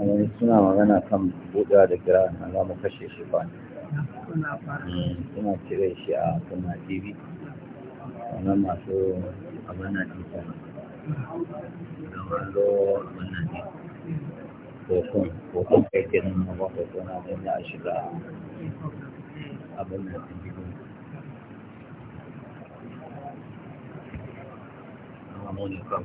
Eh, suna magana kan buɗa da kira na za kashe shi ba suna cire shi a kuna tv wannan masu abana ɗinsa da wando wannan ne hoton hoton kai kenan na ba hoton na don ya shiga abin da ɗin gidan amma mu ne kan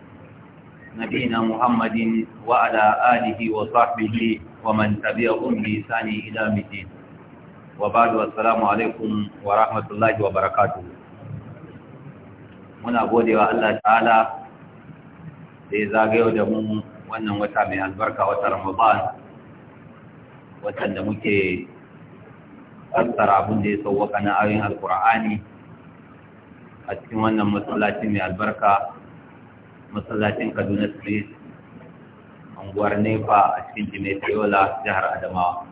نبينا محمد وعلى آله وصحبه ومن تبعهم بإحسان إلى يوم الدين وبعد والسلام عليكم ورحمة الله وبركاته muna gode wa Allah ta'ala da ya zagayo da mu wannan wata mai albarka wata Ramadan watan da muke fassara abin da ya sauwaka na ayoyin alkur'ani a cikin wannan masallaci mai albarka masallacin kaduna street unguwar nefa a cikin jimeta yola jihar adamawa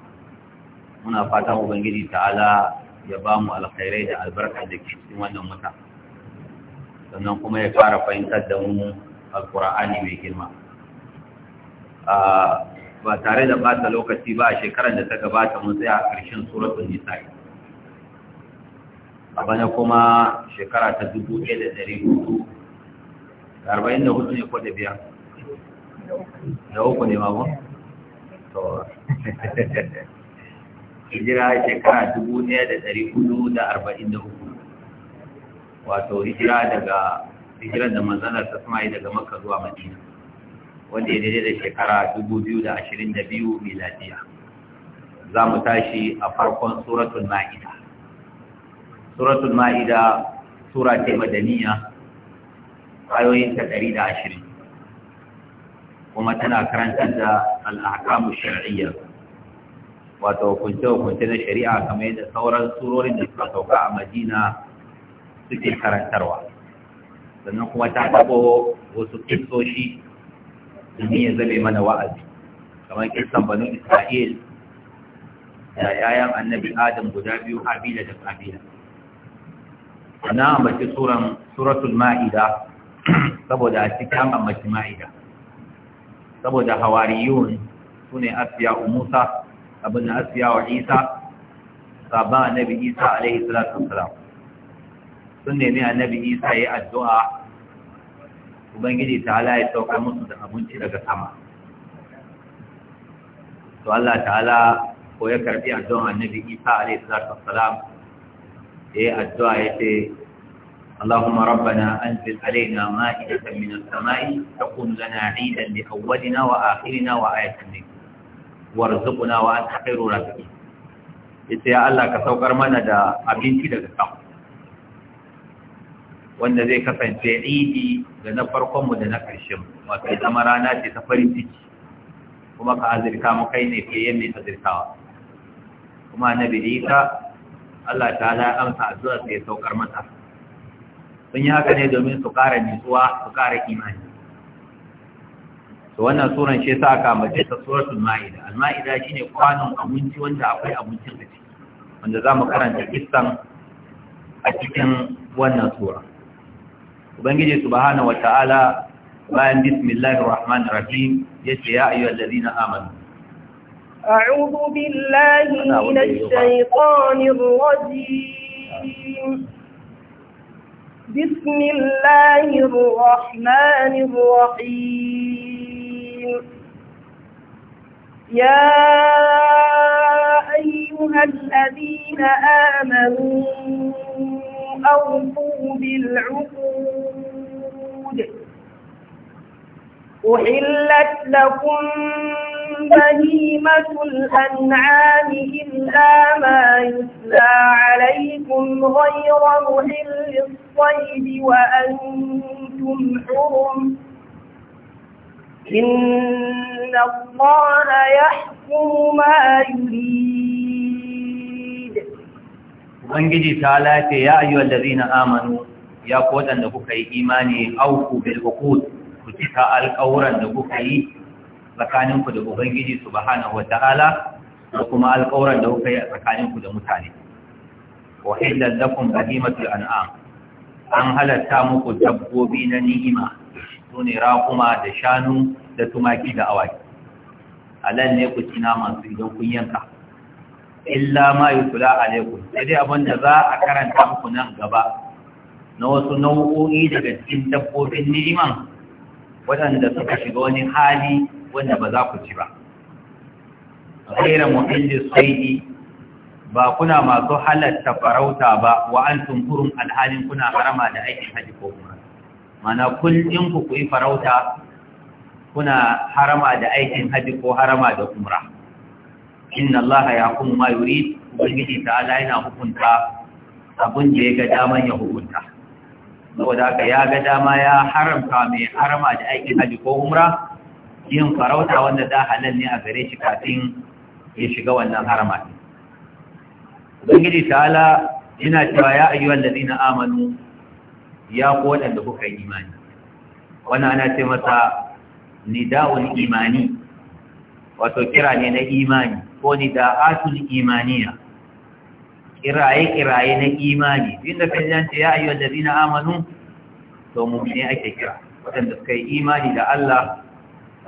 muna fatan ubangiji ta'ala ya ba mu alkhairai da albarka da ke cikin wannan wata sannan kuma ya fara fahimtar da mu alkur'ani mai girma ba tare da bata lokaci ba a shekarar da ta gabata mun tsaya a ƙarshen suratun nisa'i a bana kuma shekara ta dubu ɗaya da ɗari hudu arba'in da hudu ne ko da biyar da uku ne mako? to hijira shekara dubu ɗaya da ɗari hudu da arba'in da hudu wato hijira daga hijirar da manzanar ta sama daga makka zuwa madina wanda ya daidai da shekara dubu biyu da ashirin da biyu miladiya za mu tashi a farkon suratun ma'ida Suratun ma'ida sura ce madaniya ayoyin ta da kuma tana karantar da al'akamu shari'iyya wato hukunce-hukunce na shari'a kamar yadda sauran surorin da suka sauka a madina suke karantarwa sannan kuma ta taɓo wasu kisoshi domin ya zabe mana wa'azi kamar kisan banu isra'il da yayan annabi adam guda biyu habila da kabila na ambaci suratul ma'ida saboda a cikin ammaci ma'ida saboda hawariyun su ne asiya musa abin da asiya wa isa saba annabi isa alaihi salatu salam sun nemi annabi isa ya yi addu'a ubangiji ta'ala ya sauka musu da abinci daga sama to Allah ta'ala ko ya karbi addu’a annabi isa alaihi salatu salam ya yi addu'a ya ce اللهم ربنا أنزل علينا مائدة من السماء تكون لنا عيدا لأولنا وآخرنا وآية منك وارزقنا وأنت خير رزقنا yace ya Allah ka saukar mana da abinci daga sama wanda zai kasance idi da na farkonmu da na ƙarshen wato zama rana ce ta farin ciki kuma ka azirka mu kai ne fiye mai kuma na Allah ta ya amsa addu'a sai ya saukar masa sun yi haka ne domin su ƙara nutsuwa su ƙara imani to wannan suran shi sa aka mace ta su ma'ida al-ma'ida shine kwanon abinci wanda akwai abincin da ciki wanda mu karanta kistan a cikin wannan sura ubangiji wa wata'ala bayan bismillahir rahmanir rahim yace ya Ladina amanu a'udhu billahi minash shaitanir rajim بسم الله الرحمن الرحيم يا أيها الذين آمنوا أوفوا بالعقود أحلت لكم بهيمة الأنعام إلا ما يتلى عليكم غير محل الصيد وأنتم حرم إن الله يحكم ما يريد Ubangiji ta lafe ya ayyuwar da amanu ya kodan da kuka yi imani auku bil'ukud ku cika alƙawuran da kuka yi tsakaninku da ubangiji subhanahu wataala da kuma alƙawuran da kuka yi a tsakaninku da mutane wa hiddat lakum bahimatul an'am an halatta muku dabbobi na ni'ima sune raƙuma da shanu da tumaki da awaki halal ne ku cina masu idan kun yanka illa ma yutula alaikum sai dai abin da za a karanta muku nan gaba na wasu nau'o'i daga cikin dabbobin ni'iman waɗanda suka shiga wani hali wanda ba za ku ci ba ghaira muhilli saidi ba kuna masu halatta farauta ba wa antum hurum alhalin kuna harama da aikin haji ko umra mana kullin ku kuyi farauta kuna harama da aikin haji ko harama da umra inna allaha yaqumu ma yurid ubangiji ta'ala yana hukunta abin da ya ga dama ya hukunta saboda haka ya ga dama ya haramta mai harama da aikin haji ko umra yin farauta wanda za halal ne a gare shi kafin ya shiga wannan harama ubangiji ta'ala yana cewa ya ayyuhal zina amanu ya ku waɗanda kuka yi imani Wani ana ce masa nida'ul imani wato kira ne na imani ko nida'atul imaniya kiraye-kiraye na imani inda kan ya ya ayyuhal zina amanu to mu'mini ake kira waɗanda suka yi imani da Allah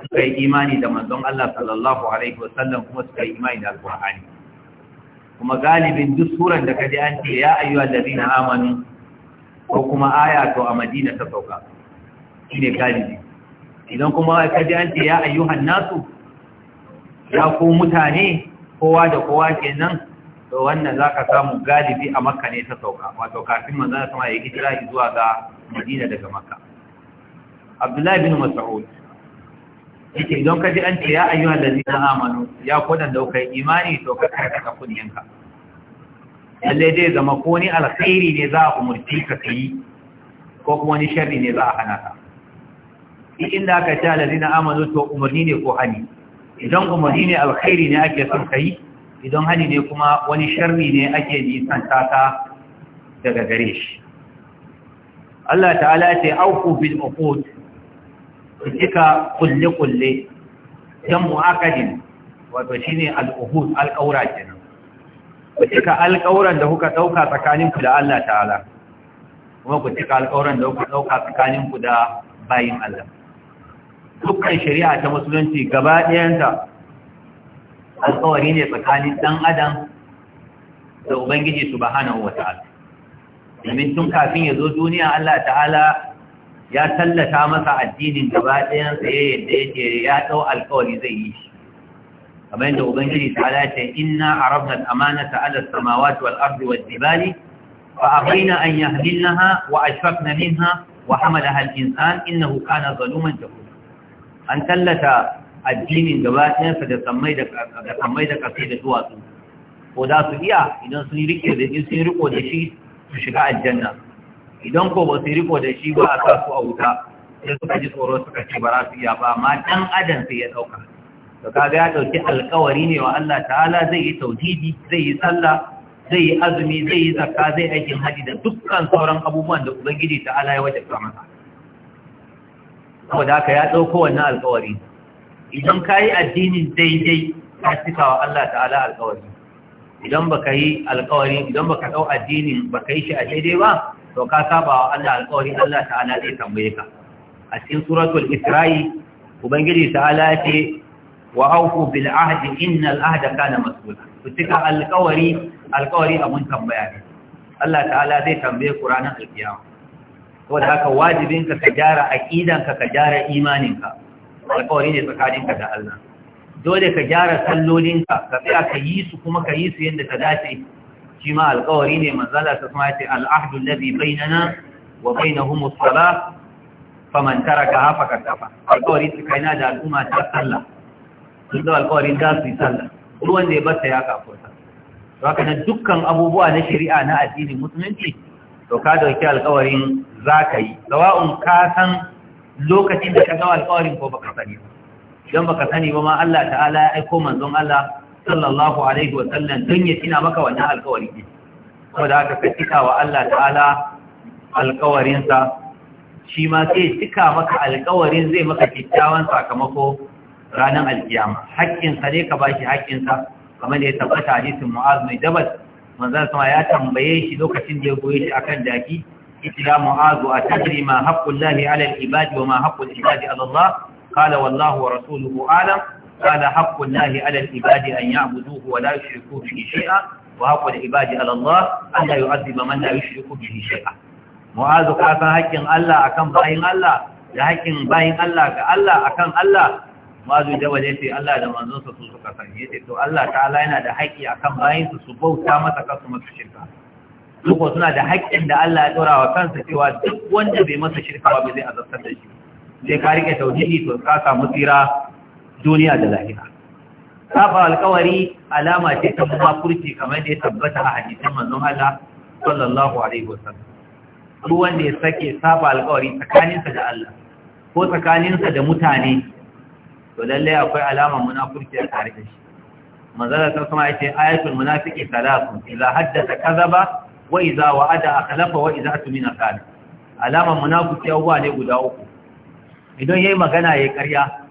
suka yi imani da manzon Allah sallallahu alaihi wasallam kuma suka yi imani da alqur'ani kuma galibin duk suran da kaji an ce ya ayyuhal ladina amanu ko kuma aya to a Madina ta sauka shine galibi idan kuma kaji an ce ya ayyuhan nasu ya ku mutane kowa da kowa kenan to wannan zaka samu galibi a Makka ne ta sauka wato kafin manzon Allah ya hijira zuwa ga Madina daga Makka Abdullahi bin Mas'ud yake don ka ji an ce ya ayyuhal ladina amanu ya kudan da kai imani to ka karkata kunyanka lalle dai zama ko ni alkhairi ne za a umarci ka kai ko kuma ni sharri ne za a hana ka inda aka ce ladina amanu to umarni ne ko hani idan umarni ne alkhairi ne ake son kai idan hani ne kuma wani sharri ne ake nisan taka daga gare shi Allah ta'ala ce auku bil uqud cika kulle-kulle don mu'akadin wato shi ne al'uhud alƙaura kenan ku cika alƙauran da kuka ɗauka tsakaninku da Allah ta'ala kuma ku cika alƙauran da kuka ɗauka tsakaninku da bayin Allah dukkan shari'a ta musulunci gaba ɗayanta alƙawari ne tsakanin ɗan adam da ubangiji subhanahu hana ta'ala domin tun kafin ya zo duniya Allah ta'ala ya tallata masa addinin gaba ɗayansa ya yadda yake ya ɗau alkawari zai yi shi kamar yadda ubangiji ta ala ce inna arabna al-amanata ala samawati wal ardi wad jibali fa abaina an yahmilnaha wa ashfaqna minha wa hamalaha al-insan innahu kana zaluman jahula an tallata addinin gabaɗayan sa da sammai da da da duwatsu ko da su iya idan sun rike da sun da shi su shiga aljanna idan ko ba su riko da shi ba a kasu a wuta sai suka ji tsoro suka ce ba za su iya ba amma ɗan adam sai ya ɗauka to kaga ya ɗauki alkawari ne wa Allah ta'ala zai yi tauhidi zai yi sallah zai yi azumi zai yi zakka zai aikin haji da dukkan sauran abubuwan da ubangiji ta'ala ya wajabta masa saboda haka ya ɗauko wannan alkawari idan ka yi addinin daidai ka cika wa Allah ta'ala alkawari idan baka yi alkawari idan baka ɗau addinin baka yi shi a daidai ba to ka saba wa Allah alƙawari Allah ta'ala zai tambaye ka a cikin suratul isra'i ubangiji ta'ala ce wa aufu bil ahdi innal ahda kana mas'ula ku cika alƙawari alƙawari abun tambaya ne Allah ta'ala zai tambaye ku ranar alkiyama saboda haka wajibinka ka gyara aqidanka ka gyara imaninka alƙawari ne tsakaninka da Allah dole ka gyara sallolin ka tsaya ka yi su kuma ka yi su yadda ta dace shi ma alƙawari ne manzala ta kuma ce al'ahdu lazi bainana wa bainahum as-salah faman taraka hafa kasafa alƙawari su kaina da al'umma ta sallah sun da alƙawari za su sallah ya na dukkan abubuwa na shari'a na addinin musulunci to ka dauki alƙawarin za ka yi sawa'un ka san lokacin da ka ga alƙawarin ko baka sani ba idan baka sani ba ma Allah ta'ala ya aiko manzon Allah sallallahu alaihi wa don ya tina maka wannan alkawari ne saboda haka ka cika wa Allah ta'ala alkawarinsa shi ma sai cika maka alkawarin zai maka kyakkyawan sakamako ranar alkiyama haƙƙinsa ne ka bashi haƙƙinsa kamar da ya tabbata hadisin mu'az mai Dabas, manzon sama ya tambaye shi lokacin da ya goye shi akan daki ila mu'azu a tajri ma haqqul lahi ala al wa ma haqqul ibadi ala qala wallahu wa rasuluhu alam قال حق الله على العباد أن يعبدوه ولا يشركوا به شيئا وحق العباد على الله أن لا يعذب من لا يشرك به شيئا معاذ كافا حقين الله أكم باين الله da haƙƙin bayin Allah ga Allah akan Allah mazu da waje sai Allah da manzonsa su suka sani yace Allah ta'ala yana da haƙƙi akan bayin su bauta masa kasu shirka suna da haƙƙin da Allah ya dora wa kansa cewa duk wanda bai masa shirka ba zai azabtar da shi sai ka rike tauhidi to ka samu tsira duniya da lahira safa alkawari alama ce ta munafurci kamar da ya tabbata a hadisin manzon Allah sallallahu alaihi wasallam duk wanda ya sake safa alkawari tsakaninsa da Allah ko tsakaninsa da mutane to lallai akwai alama munafurci a tare da shi manzala ta kuma yace ayatul munafiqi salatun idza haddatha kadhaba wa idza wa'ada akhlafa wa idza atmina qala alama munafiki abubuwa ne guda uku idan yayi magana yayi ƙarya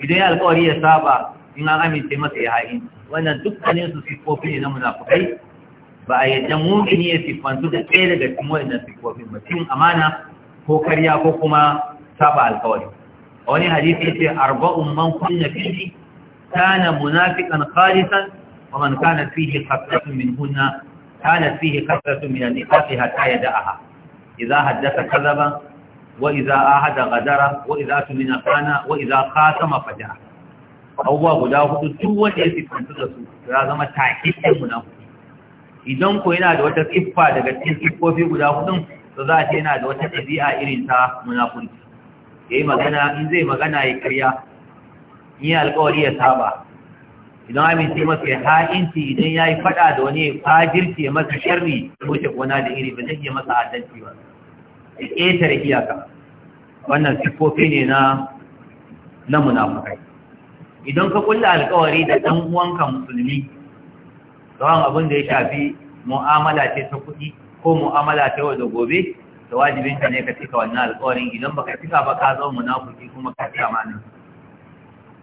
idan ya alƙawari ya saba in an amince masa ya haƙi wannan dukkanin su siffofi ne na munafukai ba a yadda mumini ya siffantu da ɗaya daga cikin waɗannan siffofin ba cikin amana ko karya ko kuma saba alƙawari a wani hadisi ya ce arba'un man kunna fihi kana munafiqan khalisan wa man kana fihi khaslatun min hunna kana fihi khaslatun min an-nifaqi hatta yada'aha idza haddatha kadhaban wa iza ahada gadara wa iza tumina kana wa fajara abubuwa guda hudu duk wanda ya siffanta da su ya zama takikin munafiki idan ku yana da wata siffa daga cikin siffofi guda hudun to za a ce yana da wata ɗabi'a irin ta munafiki yayi magana in zai magana ya karya in ya ya saba idan amince masu ya ha'inci idan ya yi faɗa da wani fajirci ya masa sharri ya wuce gona da iri ba zai iya masa adalci ba ƙetar ƙetare iyaka wannan siffofi ne na na munafukai idan ka kulla alkawari da ɗan uwanka musulmi tsawon abin da ya shafi mu'amala ce ta kuɗi ko mu'amala ta yau da gobe da wajibinka ne ka cika wannan alkawarin idan baka cika ba ka zama munafuki kuma ka ma nan,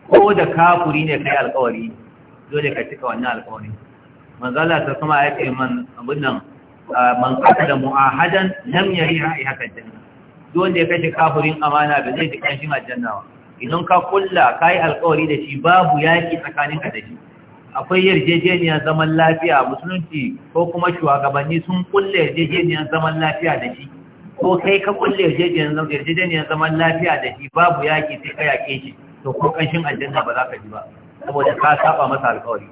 ko da kafuri ne kai alkawari dole ka cika wannan alkawarin manzala ta kuma ya ce man abin nan man qatala mu'ahadan lam yari haka janna don da ya kashe kafirin amana ba zai ji shi aljanna ba idan ka kulla kai alƙawari da shi babu yaki tsakanin ka da shi akwai yarjejeniyar zaman lafiya musulunci ko kuma shugabanni sun kulla yarjejeniyar zaman lafiya da shi ko kai ka kulla yarjejeniyar zaman lafiya da shi babu yaki sai ka yake shi to ko kanshin aljanna ba za ka ji ba saboda ka saba masa alƙawari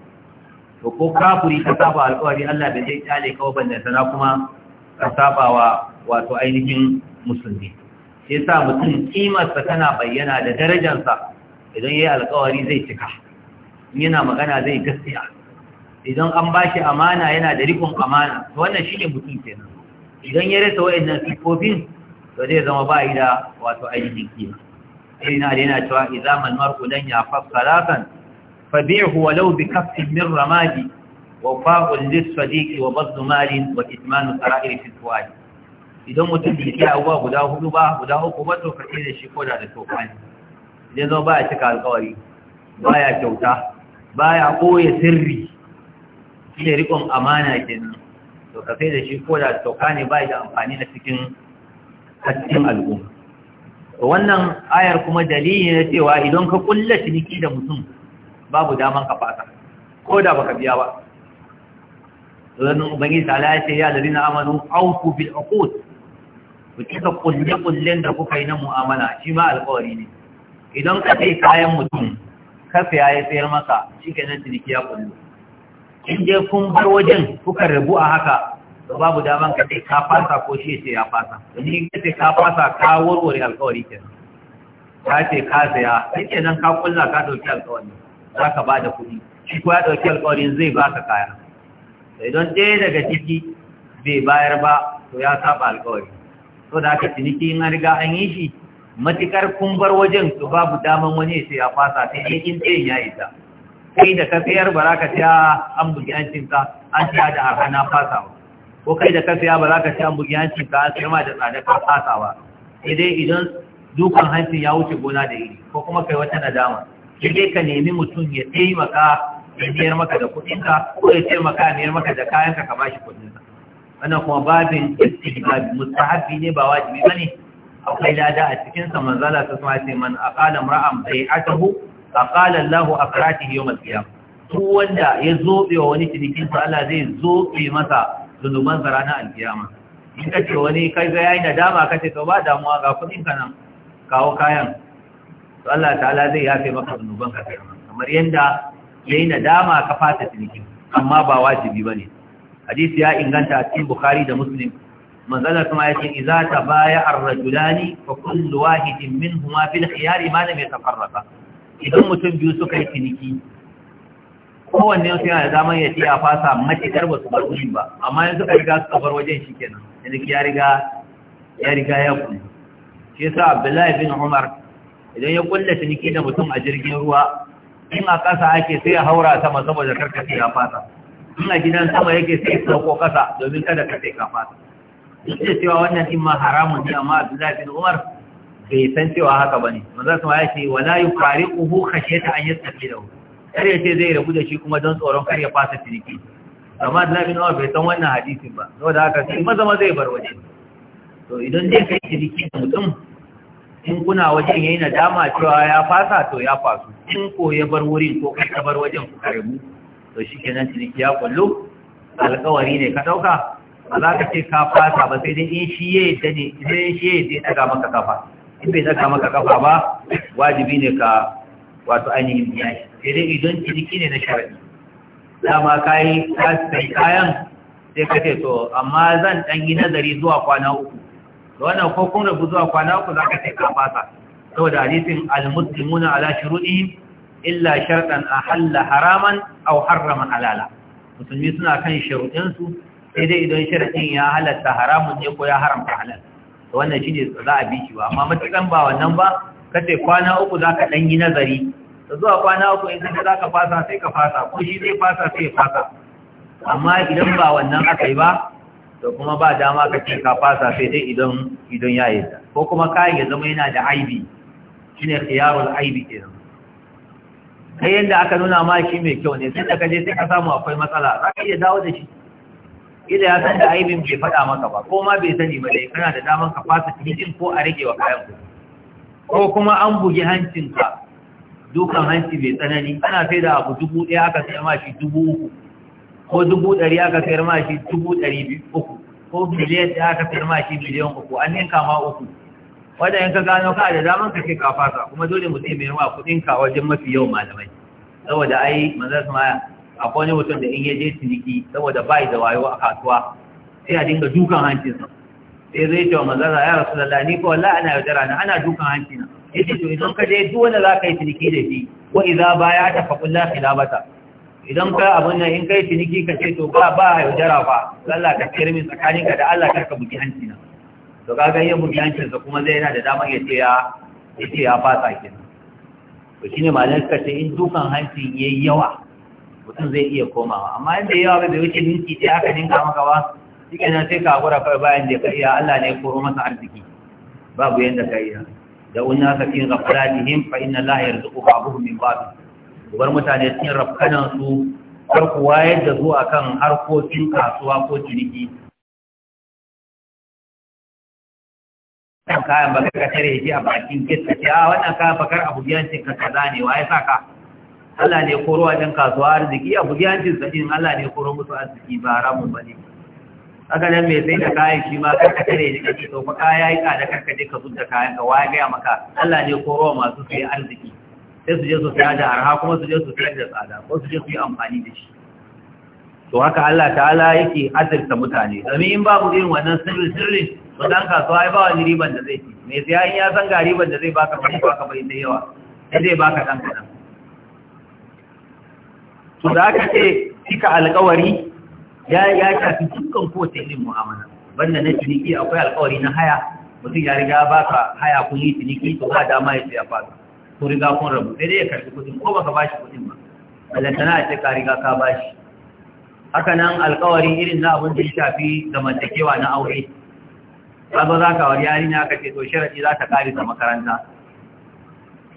to ko kafiri ka saba alƙawari Allah bai zai kyale kawai banda sana kuma ka saba wa wato ainihin musulmi sai sa mutum kimarsa tana bayyana da darajarsa idan yayi alƙawari zai cika yana magana zai gaskiya idan an ba shi amana yana da rikon amana to wannan shine mutum kenan idan ya rasa wayannan sifofin to zai zama ba da wato ainihin kima sai na yana cewa idan mal mar'u ya yafas فبيعه ولو بكف من رماد وفاء للصديق وبذل مال وكتمان السرائر في الفؤاد idan mutum bai kiya abuwa guda hudu ba guda uku ba to kace da shi koda da tofa ne idan zo ya cika alƙawari ya kyauta ba ya koye sirri shine rikon amana kenan to kace da shi koda da tofa ne bai da amfani a cikin cikin al'umma wannan ayar kuma dalili ne cewa idan ka kulla ciniki da mutum babu daman ka fasa ko da baka biya ba ranar ubangiji ta ya ce ya lalina amanu auku bil uqud ku cika kulle kullen da kuka yi na mu'amala shi ma alƙawari ne idan ka kai kayan mutum ka saya ya sayar maka nan ciniki ya kullu in je kun bar wajen kuka rabu a haka to babu daman ka ce ka fasa ko shi ce ya fasa domin in ka ce ka fasa ka warware alƙawari ke? ka ce ka saya nan ka kulla ka dauki alƙawari za ka ba da kuɗi shi ko ya ɗauki alƙawarin zai ba ka kaya Sai don ɗaya daga ciki bai bayar ba to ya saba alƙawari to da aka ciniki in an riga an yi shi matuƙar kun bar wajen to babu daman wani sai ya fasa sai dai in ɗayan ya isa kai da ka sayar ba za ka siya an bugi an cinta an siya da arha fasa fasawa ko kai da ka siya ba za ka siya an bugi an cinta an siya ma da tsada ka fasawa sai dai idan dukan hancin ya wuce gona da iri ko kuma kai wata nadama je ka nemi mutum ya taimaka ya niyar maka da kudinka, ko ya taimaka ya niyar maka da kayanka ka bashi kuɗinka wannan kuma babin istihbabi mustahabi ne ba wajibi ba bane akwai lada a cikin sa manzala ta sama ce man aqala atahu bai'atahu aqala Allah akratihi yawm al-qiyam duk wanda ya zobe wa wani cinikin sa Allah zai zobe masa zunuban sa ranar al-qiyama in ka ce wani kai ga yayi nadama ka ce to ba damuwa ga kuɗin ka nan kawo kayan to Allah ta'ala zai yafe maka zunuban ka kai kamar yanda yayi nadama ka fata ciniki amma ba wajibi bane hadisi ya inganta a cikin bukhari da muslim manzala kuma yace idza baya ar-rajulani fa kullu wahidin minhuma bil khiyari ma lam yatafarraqa idan mutum biyu suka yi ciniki kowanne su yana da zaman ya ce ya fasa matikar ba su bar wurin ba amma yanzu ka riga suka bar wajen shi kenan yanzu ya riga ya riga ya kuma shi yasa abdullahi bin umar idan ya kulle ciniki da mutum a jirgin ruwa in a ƙasa ake sai ya haura sama saboda karkace ya fata in a gidan sama yake sai ya sauko ƙasa domin kada ka sai ka fata duk da cewa wannan in ma haramun ne amma Abdullahi bin Umar bai san cewa haka bane manzo sama ya ce wala yufariquhu khashyata an yastafidahu kar ya ce zai rabu da shi kuma don tsoron kar ya fasa ciniki amma Abdullahi bin Umar bai san wannan hadisin ba saboda haka sai maza ma zai bar waje to idan dai kai ciniki da mutum in kuna wajen yayi nadama cewa ya fasa to ya fasu in ko ya bar wurin ko kai ka bar wajen ku mu to shikenan ciniki ya kullu alƙawari ne ka dauka ba za ka ce ka fasa ba sai dai in shi ya yadda ne sai shi ya yadda daga maka kafa in bai daga maka kafa ba wajibi ne ka wato ainihin biya shi sai dai idan ciniki ne na sharadi dama kayi ka sai kayan sai ka ce to amma zan dan yi nazari zuwa kwana uku da wannan ko kun rabu zuwa kwana uku za ka sai ka fasa saboda hadisin almuslimuna ala shuruɗi illa sharɗan a halla haraman au harrama halala musulmi suna kan sharuɗinsu sai dai idan sharaɗin ya halatta haramun ne ko ya haramta halal da wannan shi ne za a bi shi ba amma matukan ba wannan ba ka ce kwana uku za ka ɗan yi nazari da zuwa kwana uku in kace za ka fasa sai ka fasa ko shi zai fasa sai ya fasa amma idan ba wannan aka yi ba to kuma ba dama ka ce ka fasa sai dai idan idan ya yi ko kuma kayan ya zama yana da aibi shine khiyarul aibi kenan kai yanda aka nuna ma shi mai kyau ne sai da je sai ka samu akwai matsala za ka iya dawo da shi ila ya san da aibin bai faɗa maka ba ko ma bai sani ba dai kana da daman ka fasa cikin ko a rage wa kayan ku ko kuma an bugi hancinka dukan hanci bai tsanani ana sai da abu dubu ɗaya aka sai ma shi dubu uku ko dubu ɗari aka sayar ma shi dubu ɗari uku ko miliyan ɗaya aka sayar ma shi miliyan uku an ninka ma uku wanda yanka ka gano ka da daman ka ce ka kuma dole mutum mai ma kuɗin ka wajen mafi yawan malamai saboda ai manzan su a akwai wani mutum da in ya je ciniki saboda bai da wayo a kasuwa sai a dinga dukan hancinsa sai zai ce wa manzan ya rasu da ni ko wallahi ana yaudara na ana dukan hancina yace to idan ka je duk wanda za ka yi ciniki da shi wa iza baya ta faqul la khilabata idan ka abin nan in kai ciniki ka ce to ba ba yaudara ba Allah ka kirmi tsakanin ka da Allah ka ka buki hanci na to kaga yin buki hancin sa kuma zai yana da damar ya ce ya ya ce ya fasa ki to shine malan ka ce in dukan hanci yayi yawa mutum zai iya komawa amma inda yawa bai wuce minti sai aka ninka maka ba shikenan sai ka gura kai bayan da ka iya Allah ne ya koro masa arziki babu yanda ka iya da unna sakin ghafalatihim fa inna la yarzuqu ba'dahu min ba'd bar mutane sun rafkanan su har ku wayar da zuwa kan harkokin kasuwa ko ciniki kan kayan baka ka tare shi a bakin kitse ce a ah, wannan kayan bakar abu giyancin ka kaza ne wa ya saka Allah ne koro a ɗan kasuwa arziki abu giyancin sa din Allah ne koro musu arziki ba ramun ba ne aka nan mai sai da kayan shi ma ka tare da kake to fa kaya yi tsada ka je ka zubta kayan ka ya gaya maka Allah ne koro masu sai arziki sai su je su saya da arha kuma su je su sayar da tsada ko su je su yi amfani da shi to haka Allah ta'ala yake azirta mutane domin in babu irin wannan sirrin sirrin to dan kasuwa ya bawa ni riban da zai ci me siya in ya san ga riban da zai baka bai baka bai da yawa sai zai baka dan kadan to da aka ce cika alƙawari ya ya shafi dukkan kowace irin mu'amala banda na ciniki akwai alƙawari na haya mutum ya riga baka haya kun yi ciniki to ba dama ya ce ya fasa ko riga kun rabu sai dai ya karbi kudin ko baka bashi kudin ba balantana a ce ka riga ka bashi haka nan alkawari irin na abin da ya shafi mantakewa na aure ba za ka wari yarinya aka ce to sharadi za ta kare ta makaranta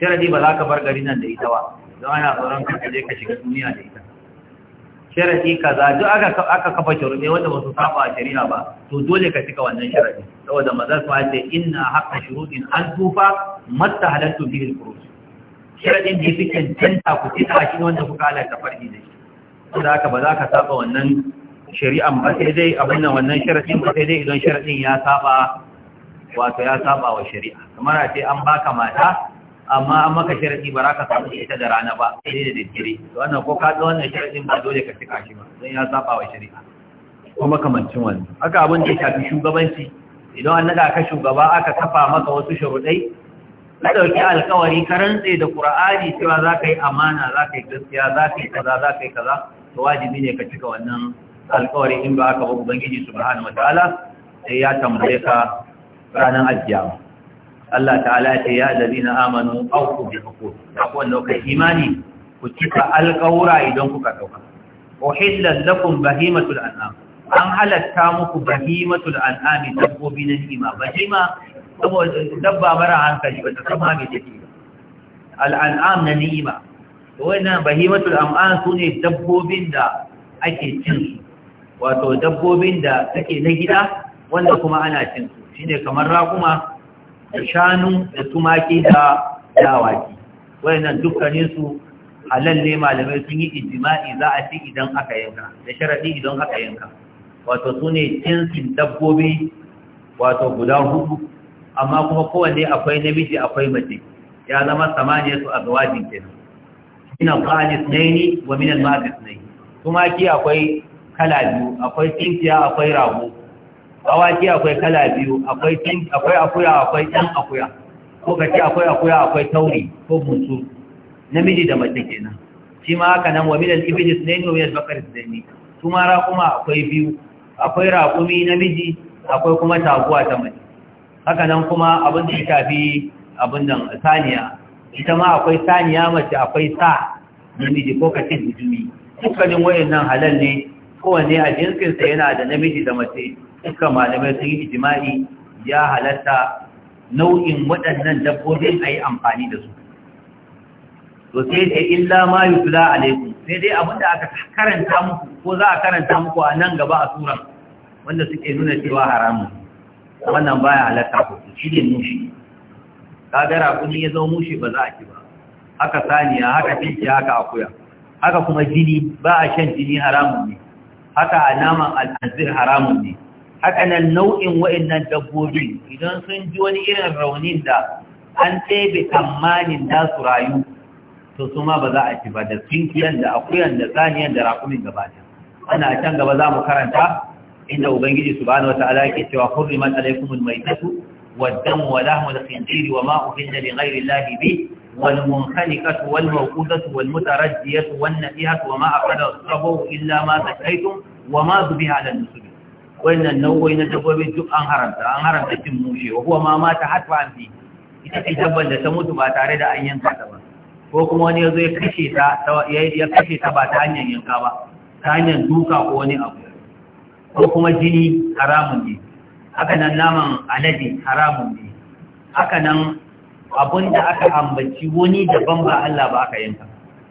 sharadi ba za ka bar gari nan da ita ba don ana tsoron ka je ka shiga duniya da ita sharadi kaza duk aka aka kafa shirme wanda ba su saba a shari'a ba to dole ka cika wannan sharadi saboda mazal fa ce inna haqqa shurutin an tufa matta halattu bihi furus kiradin da ya fi cancanta ku ci ta shi wanda kuka halatta farji da shi da haka ba za ka saba wannan shari'an ba sai dai abin nan wannan sharadin ba sai dai idan sharadin ya saba wato ya saba wa shari'a kamar a ce an baka mata amma an maka sharadi ba za ka samu ita da rana ba sai da daddare wannan ko ka ga wannan sharadin ba dole ka ci shi ba don ya saba wa shari'a ko makamancin wannan haka abin da ya shafi shugabanci idan an naɗa ka shugaba aka kafa maka wasu shuruɗai ka ɗauki alkawari ka rantse da ƙura'ani cewa za ka yi amana za ka yi gaskiya za ka yi kaza za ka yi kaza to wajibi ne ka cika wannan alkawari in ba aka ba ubangiji subhanahu wataala sai ya tambaye ka ranar ajiya. Allah ta'ala ya ce ya zabi na amanu awfu bil uqud akwai wanda imani ku cika alkawura idan kuka ko uhillat lakum bahimatul an'am an halatta muku bahimatul an'ami dabbobi na ni'ima bahima saboda dabba mara hankali ba sama mai ba al'an'am na ni'ima to wannan bahimatul am'an su ne dabbobin da ake cin su wato dabbobin da take na gida wanda kuma ana cin su shine kamar raƙuma da shanu da tumaki da dawaki Wannan dukkanin su halal ne malamai sun yi ijma'i za a ci idan aka yanka da sharadi idan aka yanka wato su ne cinsin dabbobi wato guda hudu amma kuma kowanne akwai namiji akwai mace ya zama samaniya su azwajin kenan Ina al-qalis nayni wa minan al-ma'dis nayni kuma ki akwai kala biyu akwai tinkiya akwai rago awaki akwai kala biyu akwai tink akwai akuya akwai dan akuya ko kace akwai akuya akwai tauri ko musu namiji da mace kenan shi ma haka nan wa minan ibidis iblis nayni wa minan bakaris baqaris nayni kuma ra kuma akwai biyu akwai raƙumi namiji akwai kuma taguwa ta mace haka nan kuma abin da ya shafi abin saniya ita ma akwai saniya mace akwai sa namiji ko kace bijimi dukkanin nan halal ne kowanne a jinsinsa yana da namiji da mace dukkan malamai sun yi ijima'i ya halatta nau'in waɗannan dabbobin a yi amfani da su to sai illa ma yi a laifin sai dai abinda aka karanta muku ko za a karanta muku a nan gaba a turan wanda suke nuna cewa haramun wannan baya halatta ku shi ne mushi kaga rakuni ya zama mushi ba za a ci ba haka saniya haka tinki haka akuya haka kuma jini ba a shan jini haramun ne haka a naman al'azir haramun ne haka nan nau'in wa'annan dabbobi idan sun ji wani irin raunin da an ɗebe tsammanin da su rayu to su ma ba za a ci ba da tsinkiyan da akuyan da saniyan da rakumin gaba ɗaya ana can gaba za mu karanta inda ubangiji subhanahu wataala yake cewa hurrimat alaykumul maytatu waddamu walahmu alkhinziri wama uhilla lighayri llahi bi walmunkhanikatu walmawqudatu walmutarajjiyatu wannabihatu wama akala sabahu illa ma zakaytum wama dhubiha ala nusubi wannan nau'o'i na dabbobi duk an haramta an haramta cin mushe wa ma mata hatfa an ita ce dabban da ta mutu ba tare da an yanka ta ba ko kuma wani ya zo ya kashe ta ba ta hanyar yanka ba ta hanyar duka ko wani abu ko kuma jini haramun ne haka nan naman alade haramun ne haka nan abin da aka ambaci wani daban ba Allah ba aka yanka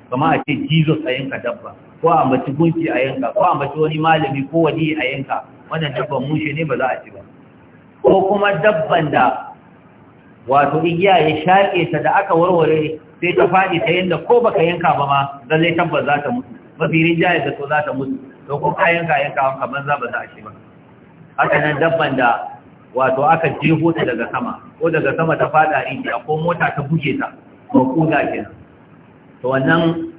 kama a ce jesus a yanka dabba ko a ambaci gunki a yanka ko a ambaci wani malami ko wani a yanka wannan dabban mushe ne ba za a ci ba ko kuma dabban da wato igiya ya shaƙe ta da aka warware sai ta faɗi ta yadda ko baka yanka ba ma zallai tabbas za ta mutu mafirin jaya da so za ta mutu to ko kayan kayan kawan kamar za ba za a ce ba haka nan dabban da wato aka jeho ta daga sama ko daga sama ta fada a ko mota ta buge ta ko kuda kenan to wannan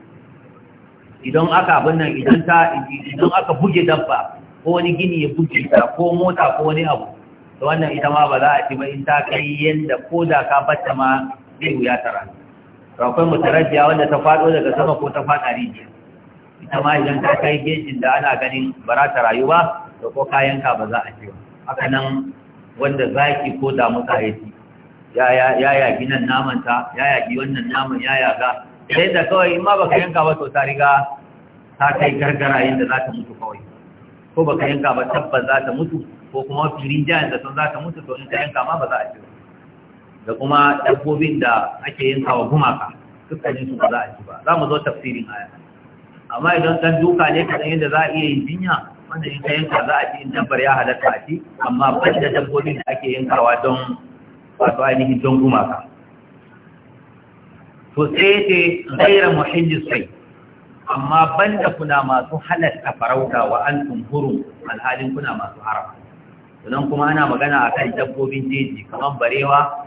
idan aka abin nan idan ta idan aka buge dabba ko wani gini ya buge ta ko mota ko wani abu to wannan ita ma ba za a ci ba in ta kai yanda ko da ka bata ma zai wuya tara to akwai mutarajiya wanda ta fado daga sama ko ta fada rijiya ita ma idan ta kai gejin da ana ganin ba za ta rayu ba da ko kayanka ba za a ce ba haka nan wanda zaki ko damuta ya ci ya yagi nan namanta ya yagi wannan naman ya yaga sai da kawai in ma ba ka yanka ba to ta riga ta kai gargara yadda za ta mutu kawai ko ba ka yanka ba tabbas za ta mutu ko kuma firin jihar da sun za ta mutu to in ka yanka ma ba za a ce ba da kuma dabbobin da ake yanka wa gumaka dukkaninsu ba za a ci ba za mu zo tafsirin aya amma idan dan duka ne kadan yadda za a iya yin jinya wanda in ka yanka za a ci in dabbar ya halatta a ci amma ban da dabbobin da ake yankawa don wato ainihin don gumaka to sai ce gaira muhimmin sai amma ban kuna masu halatta farauta wa an tumhurun alhalin kuna masu haram sannan kuma ana magana a kan dabbobin jeji kamar barewa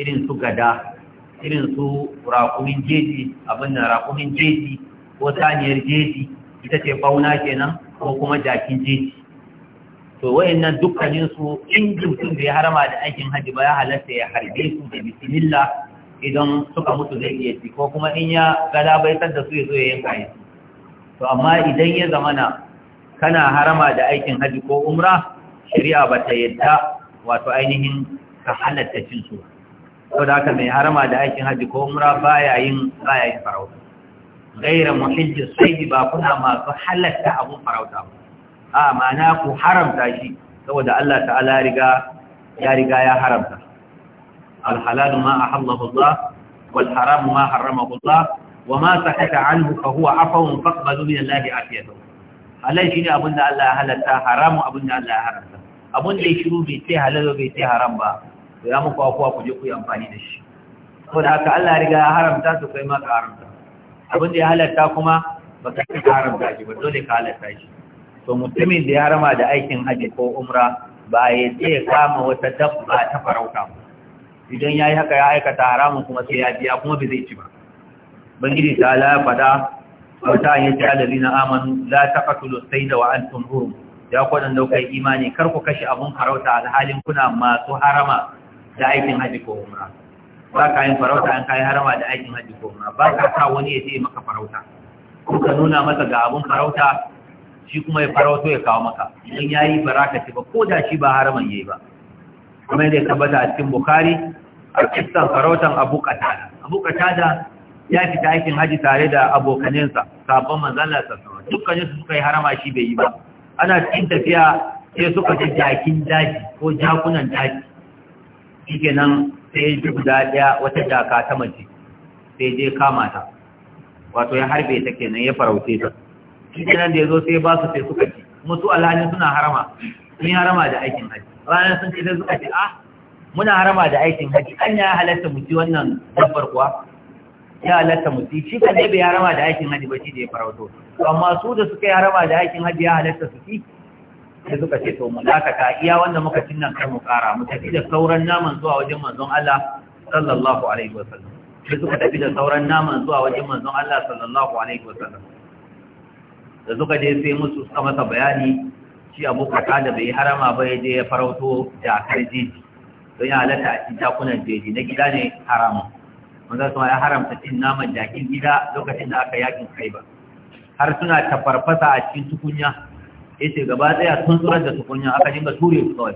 irin su gada irin su rakumin jeji abin da rakumin jeji ko saniyar jeji ita ce bauna kenan ko kuma jakin jeji to wayannan dukkanin su in mutum ya harama da aikin haji ba ya halatta ya harbe su da bismillah idan suka mutu zai iya ci ko kuma in ya gada bai da su ya zo ya yanka ya to amma idan ya zamana kana harama da aikin haji ko umra shari'a ba ta yadda wato ainihin ka halatta cin su saboda haka mai harama da aikin haji ko umra baya yin baya yin farauta gaira muhajjis sai ba kuna masu halatta abun farauta a ma'ana ku haramta shi saboda Allah ta'ala riga ya riga ya haramta alhalalu ma ahallahu Allah wal haramu ma haramahu Allah wa ma sakata anhu fa huwa afawun faqbalu min Allah afiyatahu halal shine abin da Allah ya halatta haramu abin Allah ya haramta abin da ya shiru bai ce halal bai ce haram ba to ya muku ku je ku yi amfani da shi saboda Allah ya riga ya haramta to kai ma ka haramta abin da ya halarta kuma ba ka ka haramta shi ba dole ka halatta shi to mutumin da ya rama da aikin haji ko umra ba ya ce ya kama wata dabba ta farauta idan ya yi haka ya aikata haramun kuma sai ya biya kuma bai zai ci ba bangiji ta ala ya fada wata an yi ta alari na amanu la ta katulu sai da wa'an tun hurum ya kwanan daukai imani kar ku kashe abun farauta alhalin kuna masu harama da aikin haji ko umra ba ka yin farauta an kayi harama da aikin hajji ko ma ba ka sa wani ya je maka farauta ko ka nuna masa ga abun farauta shi kuma ya farauto ya kawo maka In ya yi baraka ce ba ko da shi ba haraman ya yi ba kuma yadda ya tabbata a cikin bukari a kistan farautan abu katada abu katada ya fita aikin haji tare da abokaninsa sabon manzala sassawa dukkanin su suka yi harama shi bai yi ba ana cikin tafiya sai suka ji jakin daji ko jakunan daji shi kenan sai ji guda ɗaya wata jaka ta mace sai je kama ta wato ya harbe ta kenan ya farauce ta shi kenan da ya zo sai ba su sai suka ci kuma su alhali suna harama sun harama da aikin haji ranar sun ce sai suka ce ah muna harama da aikin haji an ya halatta mu ci wannan dabbar kuwa ya halatta mu ci shi kan bai harama da aikin haji ba shi da ya farauto amma su da suka yi harama da aikin haji ya halatta su ci sai suka ce to mu dakata iya wanda muka cin nan kar mu kara mu tafi da sauran naman zuwa wajen manzon Allah sallallahu alaihi wasallam sai suka tafi da sauran naman zuwa wajen manzon Allah sallallahu alaihi wasallam da suka je sai musu suka masa bayani shi Abu Qatada bai harama ba ya je ya farauto da karji don ya halatta a cikin takunan jeji na gida ne harama manzon sama ya haramta cin naman jakin gida lokacin da aka yakin kai ba har suna tafarfasa a cikin tukunya yace gaba daya sun tsurar da tukunya aka dinga ture su kawai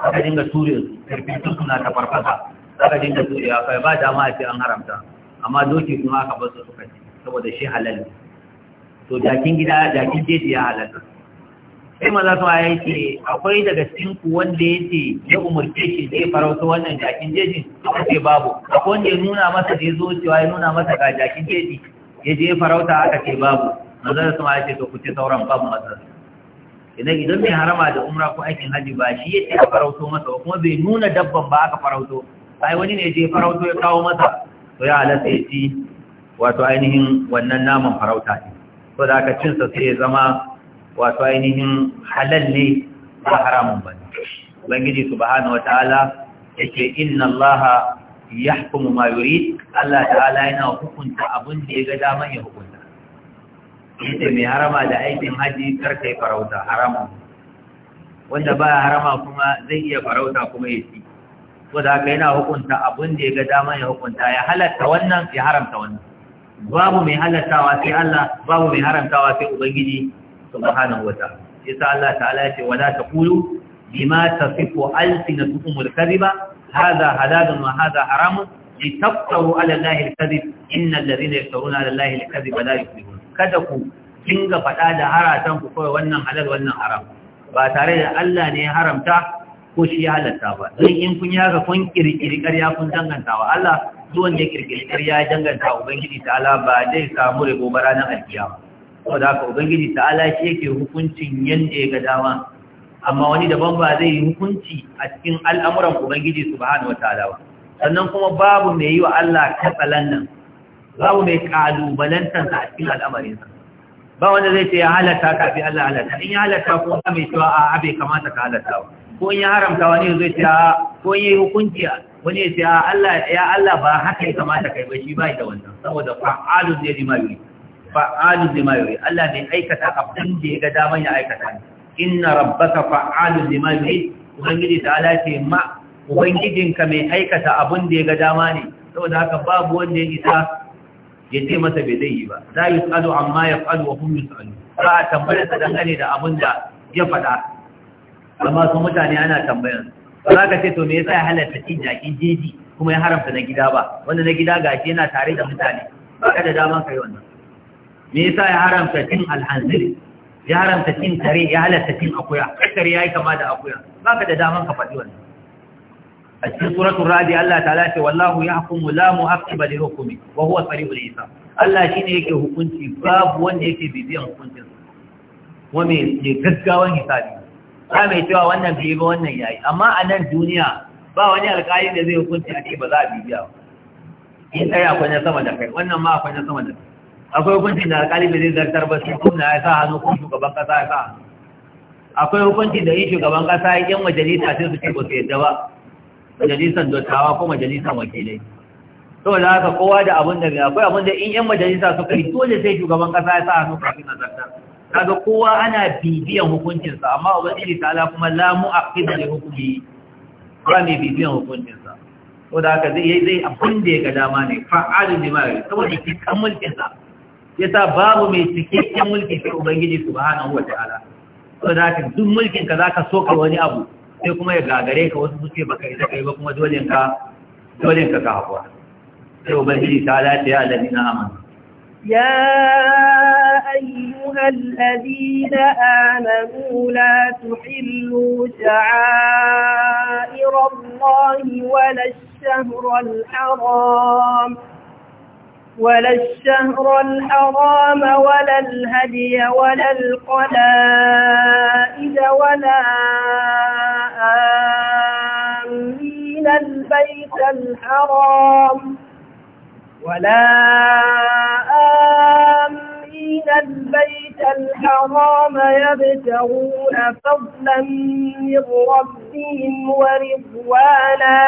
aka dinga ture su karfin suna ta farfasa aka dinga ture aka ba dama a ce an haramta amma doki kuma aka bar su suka ce saboda shi halal to jakin gida jakin jeji ya halal sai maza su ya ce akwai daga cikin ku wanda ya ce ya umarce shi zai farauta wannan jakin jeji suka ce babu akwai wanda ya nuna masa da ya zo cewa ya nuna masa ga jakin jeji ya je farauta aka ce babu maza su ya ce to ku ce sauran babu maza idan idan mai harama da umra ko aikin haji ba shi yake a farauto masa ba kuma bai nuna dabban ba aka farauto sai wani ne je farauto ya kawo masa to ya halatta ya ci wato ainihin wannan naman farauta ne to da aka cinsa sai ya zama wato ainihin halal ne ba haramun ba ubangiji subhanahu wataala yake inna allaha yahkumu ma yurid Allah ta'ala yana hukunta abin da ya ga damar ya hukunta yace mai harama da aikin haji kar farauta haramun wanda ba harama kuma zai iya farauta kuma ya ci ko da haka yana hukunta abin da ya ga dama ya hukunta ya halatta wannan ya haramta wannan babu mai halattawa sai Allah babu mai haramtawa sai ubangiji subhanahu wataala yasa Allah ta'ala ya ce wala taqulu bima tasifu alsinatukum alkadhiba hadha halalun wa hadha haramun litaftaru ala allahi alkadhib innal ladhina yaftaruna ala allahi alkadhiba la yuflihun kada ku dinga faɗa da haratan ku kawai wannan halal wannan haram ba tare da Allah ne ya haramta ko shi ya halatta ba don in kun yaga kun kirkiri ƙarya kun danganta wa Allah zuwan da kirkiri ƙarya ya danganta ubangiji ta'ala ba zai samu rabo ba ranar ba saboda haka ubangiji ta'ala shi yake hukuncin yanda ga dama amma wani daban ba zai yi hukunci a cikin al'amuran ubangiji subhanahu wataala ba sannan kuma babu mai yi wa Allah katsalan nan babu mai kalubalantar a cikin al'amarinsa ba wanda zai ce ya halatta kafin Allah halatta in ya halatta ko ba mai cewa a abe kamata ka halatta ba ko in ya haramta wani zai ce ko in yi hukunci wani ya ce Allah ya Allah ba haka ya kamata kai ba shi ba da wannan saboda fa'alun zai lima yuri fa'alun zai ma yuri Allah mai aikata abin da ya ga daman ya aikata inna rabbaka fa'alun lima yuri ubangiji ta ala ce ma ubangijinka mai aikata abin da ya ga dama ne saboda haka babu wanda ya isa ya ce masa bai zai yi ba za yi tsalo amma ya tsalo wa kun yusalu ba a tambayar sa dangane da abin da ya faɗa amma su mutane ana tambayar su za ka ce to me yasa ya halarta cin jakin jeji kuma ya haramta na gida ba wanda na gida gashi yana tare da mutane ba ka da daman yi wannan me yasa ya haramta cin alhanzir ya haramta cin kare ya halarta cin akuya kare ya yi kama da akuya ba ka da daman ka faɗi wannan a cikin suratul radi Allah ta'ala ce wallahu yahkumu la mu'aqqiba li hukmi wa huwa sari'ul hisab Allah shine yake hukunci babu wanda yake bibiyan hukuncin wa me ne gaggawan hisabi ba mai cewa wannan bai ba wannan yayi amma a nan duniya ba wani alƙali da zai hukunci a ce ba za a bibiya ba in ɗaya akwai na sama da kai wannan ma akwai na sama da kai akwai hukunci da alƙali bai zai zartar ba sai kuma ya sa hannu ko shugaban ƙasa ya sa hannu akwai hukunci da yin shugaban ƙasa yan majalisa sai su ce ba su yadda ba majalisar dottawa ko majalisan wakilai da haka kowa da abin da akwai abin da in yan majalisa suka yi dole sai shugaban kasa ya sa hannu kafin a kaga kowa ana bibiyan hukuncinsa amma ta ala kuma la mu'aqqiba li hukmi ba mai bibiyan hukuncinsa da haka zai yi zai abin da ya ga dama ne fa'alu ma yi saboda cikin mulkinsa yasa babu mai cikakken mulki sai ubangiji subhanahu wa ta'ala da haka duk mulkin ka zaka soka wani abu sai kuma ya gagare ka wasu suke baka ita kai ba kuma dole ka dole ka ka haƙura sai ubangiji ta lati ya alamin amanu ya أيها الذين آمنوا لا تحلوا شعائر الله ولا الشهر الحرام ولا الشهر الحرام ولا الهدي ولا القلائد ولا آمين البيت الحرام ولا آمين البيت الحرام يبتغون فضلا من ربهم ورضوانا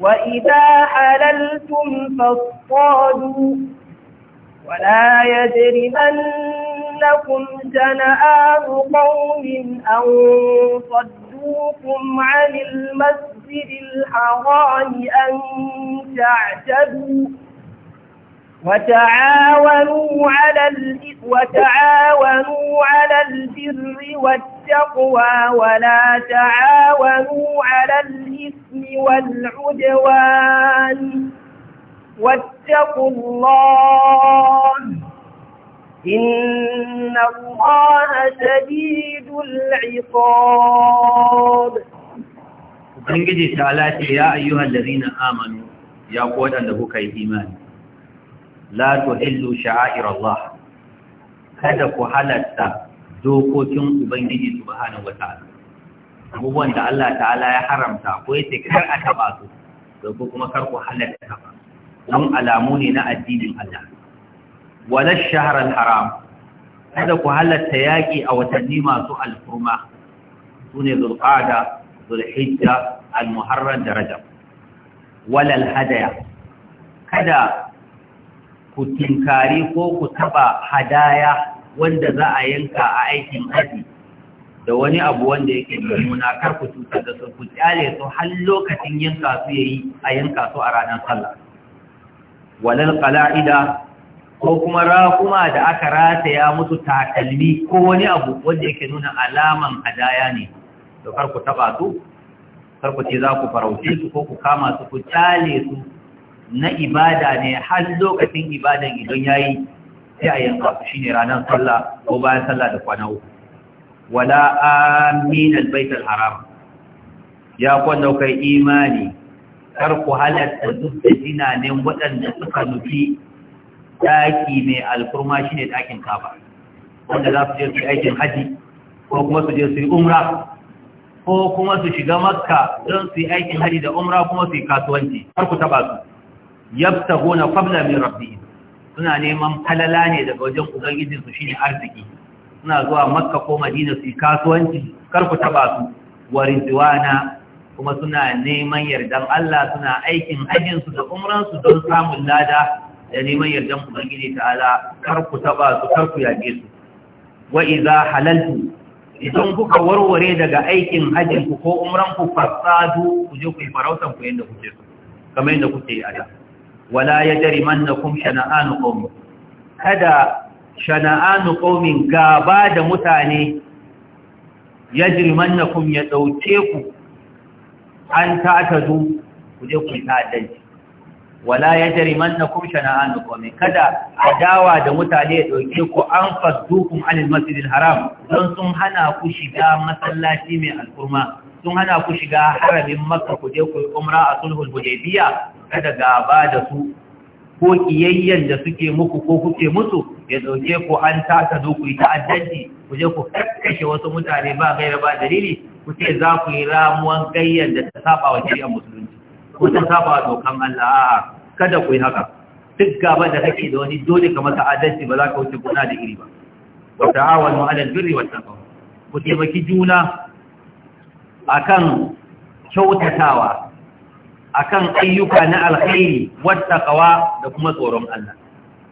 وإذا حللتم فاصطادوا ولا يجرمنكم جنآن قوم أن صدوكم عن المسجد الحرام أن تعتدوا وتعاونوا على وتعاونوا على البر والتقوى ولا تعاونوا على الإثم والعدوان واتقوا الله إن الله شديد العقاب Ubangiji ta lati ya ayyuhal ladina amanu ya kodan da kuka yi imani la tuhillu sha'air Allah kada ku halatta dokokin ubangiji subhanahu wataala abubuwan da Allah ta'ala ya haramta ko yace kar a taba su ko kuma kar ku halatta ba don alamu ne na addinin Allah wala shahr al-haram kada ku halatta yaki a watanni masu alfurma sune zulqa'da zulhijja al-muharram da rajab wala al-hadaya kada ku tinkari ko ku taba hadaya wanda za a yanka a aikin haji da wani abu wanda yake nuna kar ku cuta da su ku tsale su har lokacin yanka su yayi a yanka su a ranar sallah walal qala'ida ko kuma raƙuma da aka ya mutu takalmi ko wani abu wanda yake nuna alaman hadaya ne to kar ku taba su kar ku ce za ku farauce su ko ku kama su ku tsale su na ibada ne har lokacin ibadan idan ya yi sai a yanka shi ne ranar sallah ko bayan sallah da kwana uku wala amin albait alharam ya kwanda kai imani kar ku halatta duk da jinanen waɗanda suka nufi ɗaki mai alfurma shi ne ɗakin kaba wanda za su je su aikin haji ko kuma su je su yi umra ko kuma su shiga makka don su yi aikin haji da umra kuma su yi kasuwanci har ku taɓa su yabtaguna qabla min rabbihim suna neman falala ne daga wajen ubangijin su shine arziki suna zuwa makka ko madina su kasuwanci kar ku taba su wa ridwana kuma suna neman yardan Allah suna aikin ajinsu su da umran su don samun lada da neman yardan ubangiji ta'ala kar ku taba su kar ku su wa idza halaltu idan kuka warware daga aikin hajjin ku ko umran ku fasadu ku je ku yi farautan ku yanda kuke so kamar yanda kuke yi a da wala ya jarimannakum shana'anu qawmin kada shana'anu qawmin gaba da mutane ya jirimannakum ya dauke ku an ta'tadu ku kuje ku ta'addanci wala ya jarimannakum shana'anu qawmin kada adawa da mutane ya dauke ku an fasdukum anil masjidil haram don sun hana ku shiga masallaci mai alkurma sun hana ku shiga haramin makka ku je ku umra a sulhul hudaybiya kada gaba da su ko kiyayyen da suke muku ko kuke musu ya dauke ku an tasa zo ku yi ta'addanci ku je ku kakkashe wasu mutane ba gaira ba dalili ku ce za ku yi ramuwan gayyan da ta saba wa shari'a musulunci ko ta saba wa dokan Allah a'a kada ku yi haka duk gaba da kake da wani dole ka masa adalci ba za ka wuce gona da iri ba wa ta'awanu 'ala al-birri wa taqwa ku taimaki juna akan kyautatawa akan ayyuka na alkhairi wattaqwa da kuma tsoron Allah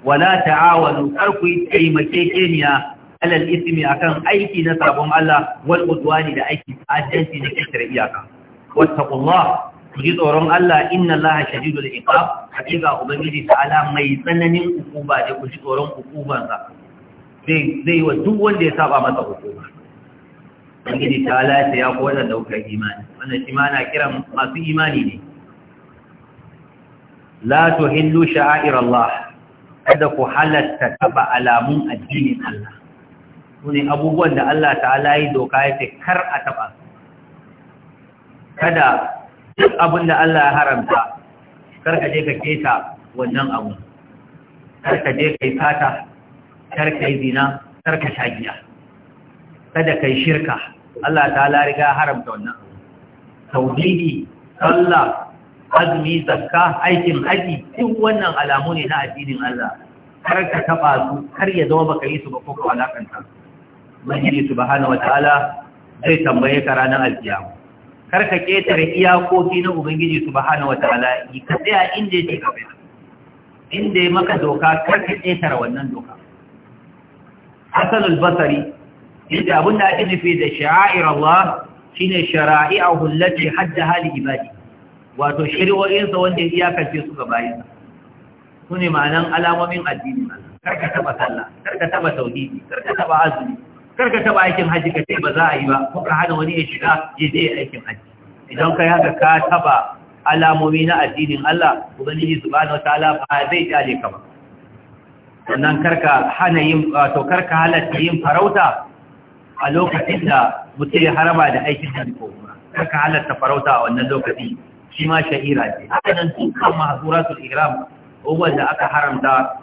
wala ta'awanu karku keniya, alal ismi akan aiki na sabon Allah wal udwani da aiki addanci da kitar iyaka wattaqullah ku ji tsoron Allah inna Allah shadidul iqab hakika ubangiji ta'ala mai tsananin hukuma da ku ji tsoron hukumansa zai zai wa duk wanda ya saba masa hukuma ubangiji ta'ala ya ko wadanda kuka imani wannan shi kiran masu imani ne la tuhillu sha'airallah kada ku halatta taba alamun addinin Allah Wani abubuwan da Allah ta'ala yi doka ce kar a taba kada duk abin da Allah ya haramta kar ka je ka keta wannan abu kar ka je kai fata kar yi zina kar ka shagiya kada kai shirka Allah ta'ala riga haramta wannan tauhidi sallah azumi zakka aikin haji duk wannan alamu ne na addinin Allah kar ka taɓa su kar ya zama baka yi su ba ko ka alakanta su majini subhanahu wataala zai tambaye ka ranar alkiyama kar ka ketare iyakoki na ubangiji subhanahu wataala yi ka tsaya inda yake ka tsaya inda ya maka doka kar ka ƙetare wannan doka hasanul basari yadda abin da ake nufi da sha'air Allah shine shara'i'ahu allati haddaha li ibadi. wato shari'o'insa wanda ya iyakance su ga bayin su ne ma'anan alamomin addini karka taba sallah karka taba tauhidi karka taba azumi karka taba aikin haji ka ce ba za a yi ba ko ka hana wani ya shiga ya je aikin haji idan kai haka ka taba alamomi na addinin Allah ubangiji subhanahu wataala ba zai jale ka ba sannan karka hana yin to karka halatta yin farauta a lokacin da mutum ya haraba da aikin haji ko kuma karka halatta farauta a wannan lokaci shi ma sha'ira ce haka nan dukkan suratul ihram abubuwan da aka haramta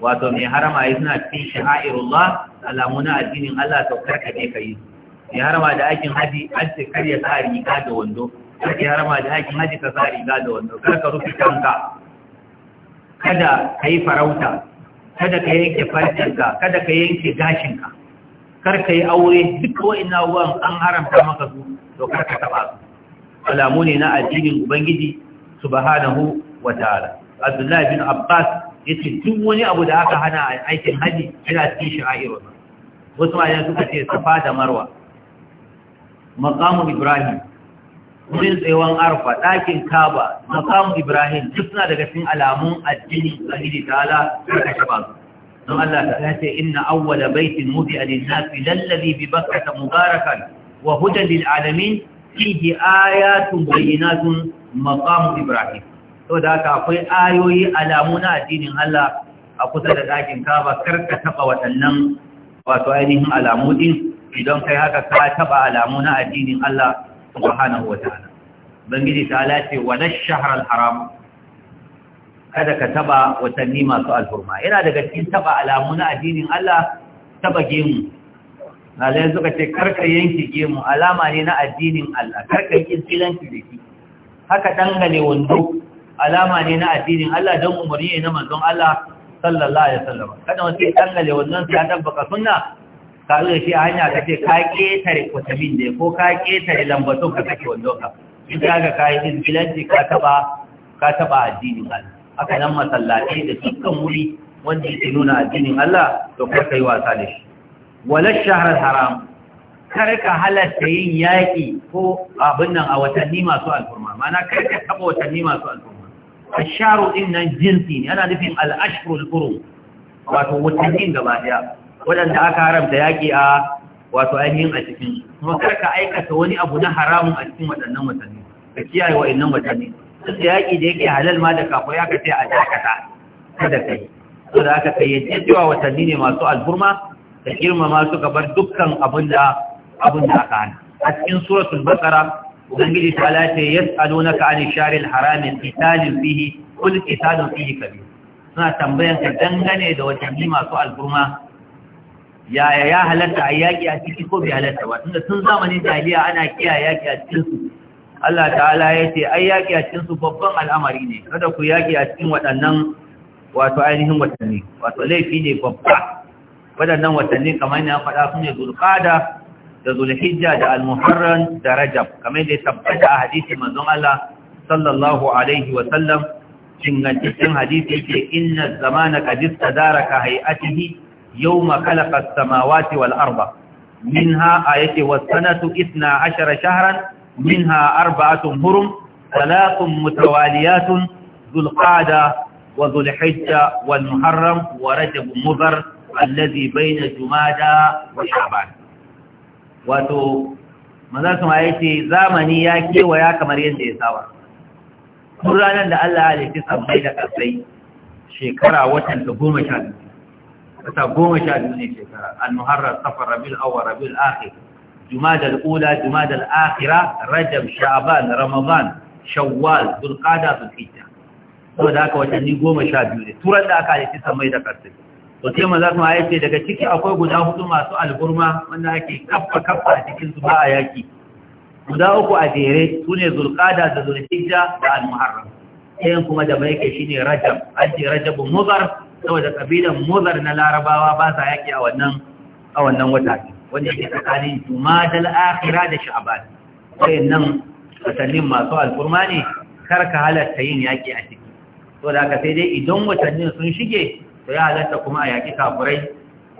wato mai harama ya suna cikin sha'airullah alamuna addinin Allah to karka ne kai mai harama da aikin haji an ce kar ya sa riga da wando karka harama da aikin haji ka sa riga da wando karka rufe kanka kada ka yi farauta kada ka yanke farcinka kada ka yanke gashinka kar ka yi aure duk wa'in abubuwan an haramta maka su to karka taba su alamu ne na addinin ubangiji subhanahu wataala abdullahi bin abbas yace tun wani abu da aka hana a aikin haji yana cikin sha'irun wasu ayan suka ce safa da marwa maqamu ibrahim wurin tsayawan arfa ɗakin kaba maqamu ibrahim duk suna daga cikin alamun addini ubangiji ta'ala suka shaba su don Allah ta ce inna awwala baitin wudi'a lin-nasi lallazi bi bakkah mubarakan wa hudan lil alamin fihi ayatun bayyinatun maqamu ibrahim da haka akwai ayoyi alamu na addinin Allah a kusa da ɗakin kaba kar ka taɓa waɗannan wato ainihin alamu din idan kai haka ka taɓa alamu na addinin Allah subhanahu wataala bangiji ta ce wa nashhar al kada ka taɓa watanni masu alfurma yana daga cikin taɓa alamu na addinin Allah taɓa gemu malai suka ce karka yanki gemu alama ne na addinin Allah karka yi tsilanci da shi haka dangane wando alama ne na addinin Allah don umarni ne na manzon Allah sallallahu alaihi wasallam kada wani sai dangane wannan ta tabbaka sunna ka ga shi a hanya ka ce ka ketare kutubin da ko ka ketare lambatun ka kake wando ka in ka ga kai tsilanci ka taba ka taba addinin Allah haka nan masallaci da dukkan wuri wanda yake nuna addinin Allah to karka yi wasa da shi wala shahar haram karka halatta yin yaƙi ko abin nan a watanni masu alfurma mana karka taɓa watanni masu alfurma a sharu ɗin nan jinsi ne ana nufin al'ashirul ƙuru wato watannin gaba ɗaya waɗanda aka haramta yaƙi a wato ainihin a cikin kuma karka aikata wani abu na haramun a cikin waɗannan watanni ka kiyaye waɗannan watanni duk da yaƙi da yake halal ma da kafo ya ka ce a dakata kada kai so da aka kai cewa watanni ne masu alfurma da girmama suka bar dukkan abin da aka hana a cikin suratul baqara ubangiji ta lace ka an sharil haram qitalin fihi kul qitalun fihi kabi. suna tambayan ka dangane da watanni masu alburma yaya ya halatta a yaƙi a ciki ko bai halatta ba tunda tun zamanin jahiliya ana kiya yaƙi a cikin su Allah ta'ala ya ce ai yaƙi a cikin su babban al'amari ne kada ku yaƙi a cikin waɗannan wato ainihin watanni wato laifi ne babba waɗannan watanni kamar ya faɗa su ne zulqada da zulhijja da almuharram da rajab kamar da ya tabbata a hadisi manzon Allah sallallahu alaihi wa sallam hadisi yake inna zamana qad istadaraka hay'atihi yawma yau as-samawati wal arda minha ayati was-sanatu Min shahran minha arba'atun hurum thalathun mutawaliyatun dhul wa zulhijja wal muharram wa rajab mudhar allazi baina jumada wa sha'ban wato maza su ma yace zamani ya kewaya kamar yadda ya saba tun ranar da Allah ya halitta sabai da kasai shekara watan da goma sha biyu wata goma sha biyu ne shekara al-muharrar safar rabiul awwal rabiul akhir jumada al-ula jumada al-akhira rajab sha'ban ramadan shawwal dhulqa'da dhulhijja saboda haka watanni goma sha biyu ne turan da aka halitta sabai da kasai to sai za kuma ya daga ciki akwai guda hudu masu alburma wanda ake kafa kafa a cikin su ba a yaki guda uku a jere su ne zulkada da zulhijja da almuharram ɗayan kuma da mai ke shine rajab an ce rajabun muzar saboda kabilan muzar na larabawa ba sa yaki a wannan a wannan wata wanda yake tsakanin jumadal akhira da sha'ban nan watannin masu al'gurma ne kar ka halatta yin yaki a ciki saboda haka sai dai idan watannin sun shige to ya halatta kuma a yaƙi kafurai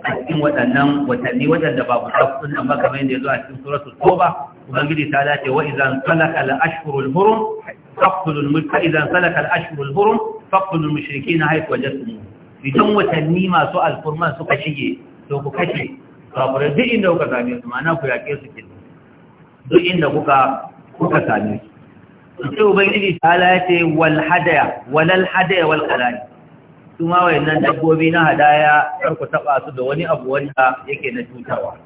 a cikin waɗannan watanni waɗanda ba ku tafi sunan ba kamar yadda ya zo a cikin suratul toba ubangiji ta dace wa idan salaka al-ashhurul hurum faqtulul mulka idan salaka al-ashhurul hurum faqtulul mushrikeena haythu wajadtum idan watanni masu alfurman suka shige to ku kashe kafurai duk inda kuka same su ma'ana ku yaƙe su ke, duk inda kuka kuka same su sai ubangiji ta dace wal hadaya walal hadaya wal qalani su ma wayannan dabbobi na hadaya kar ku taɓa su da wani abu wanda yake na cutarwa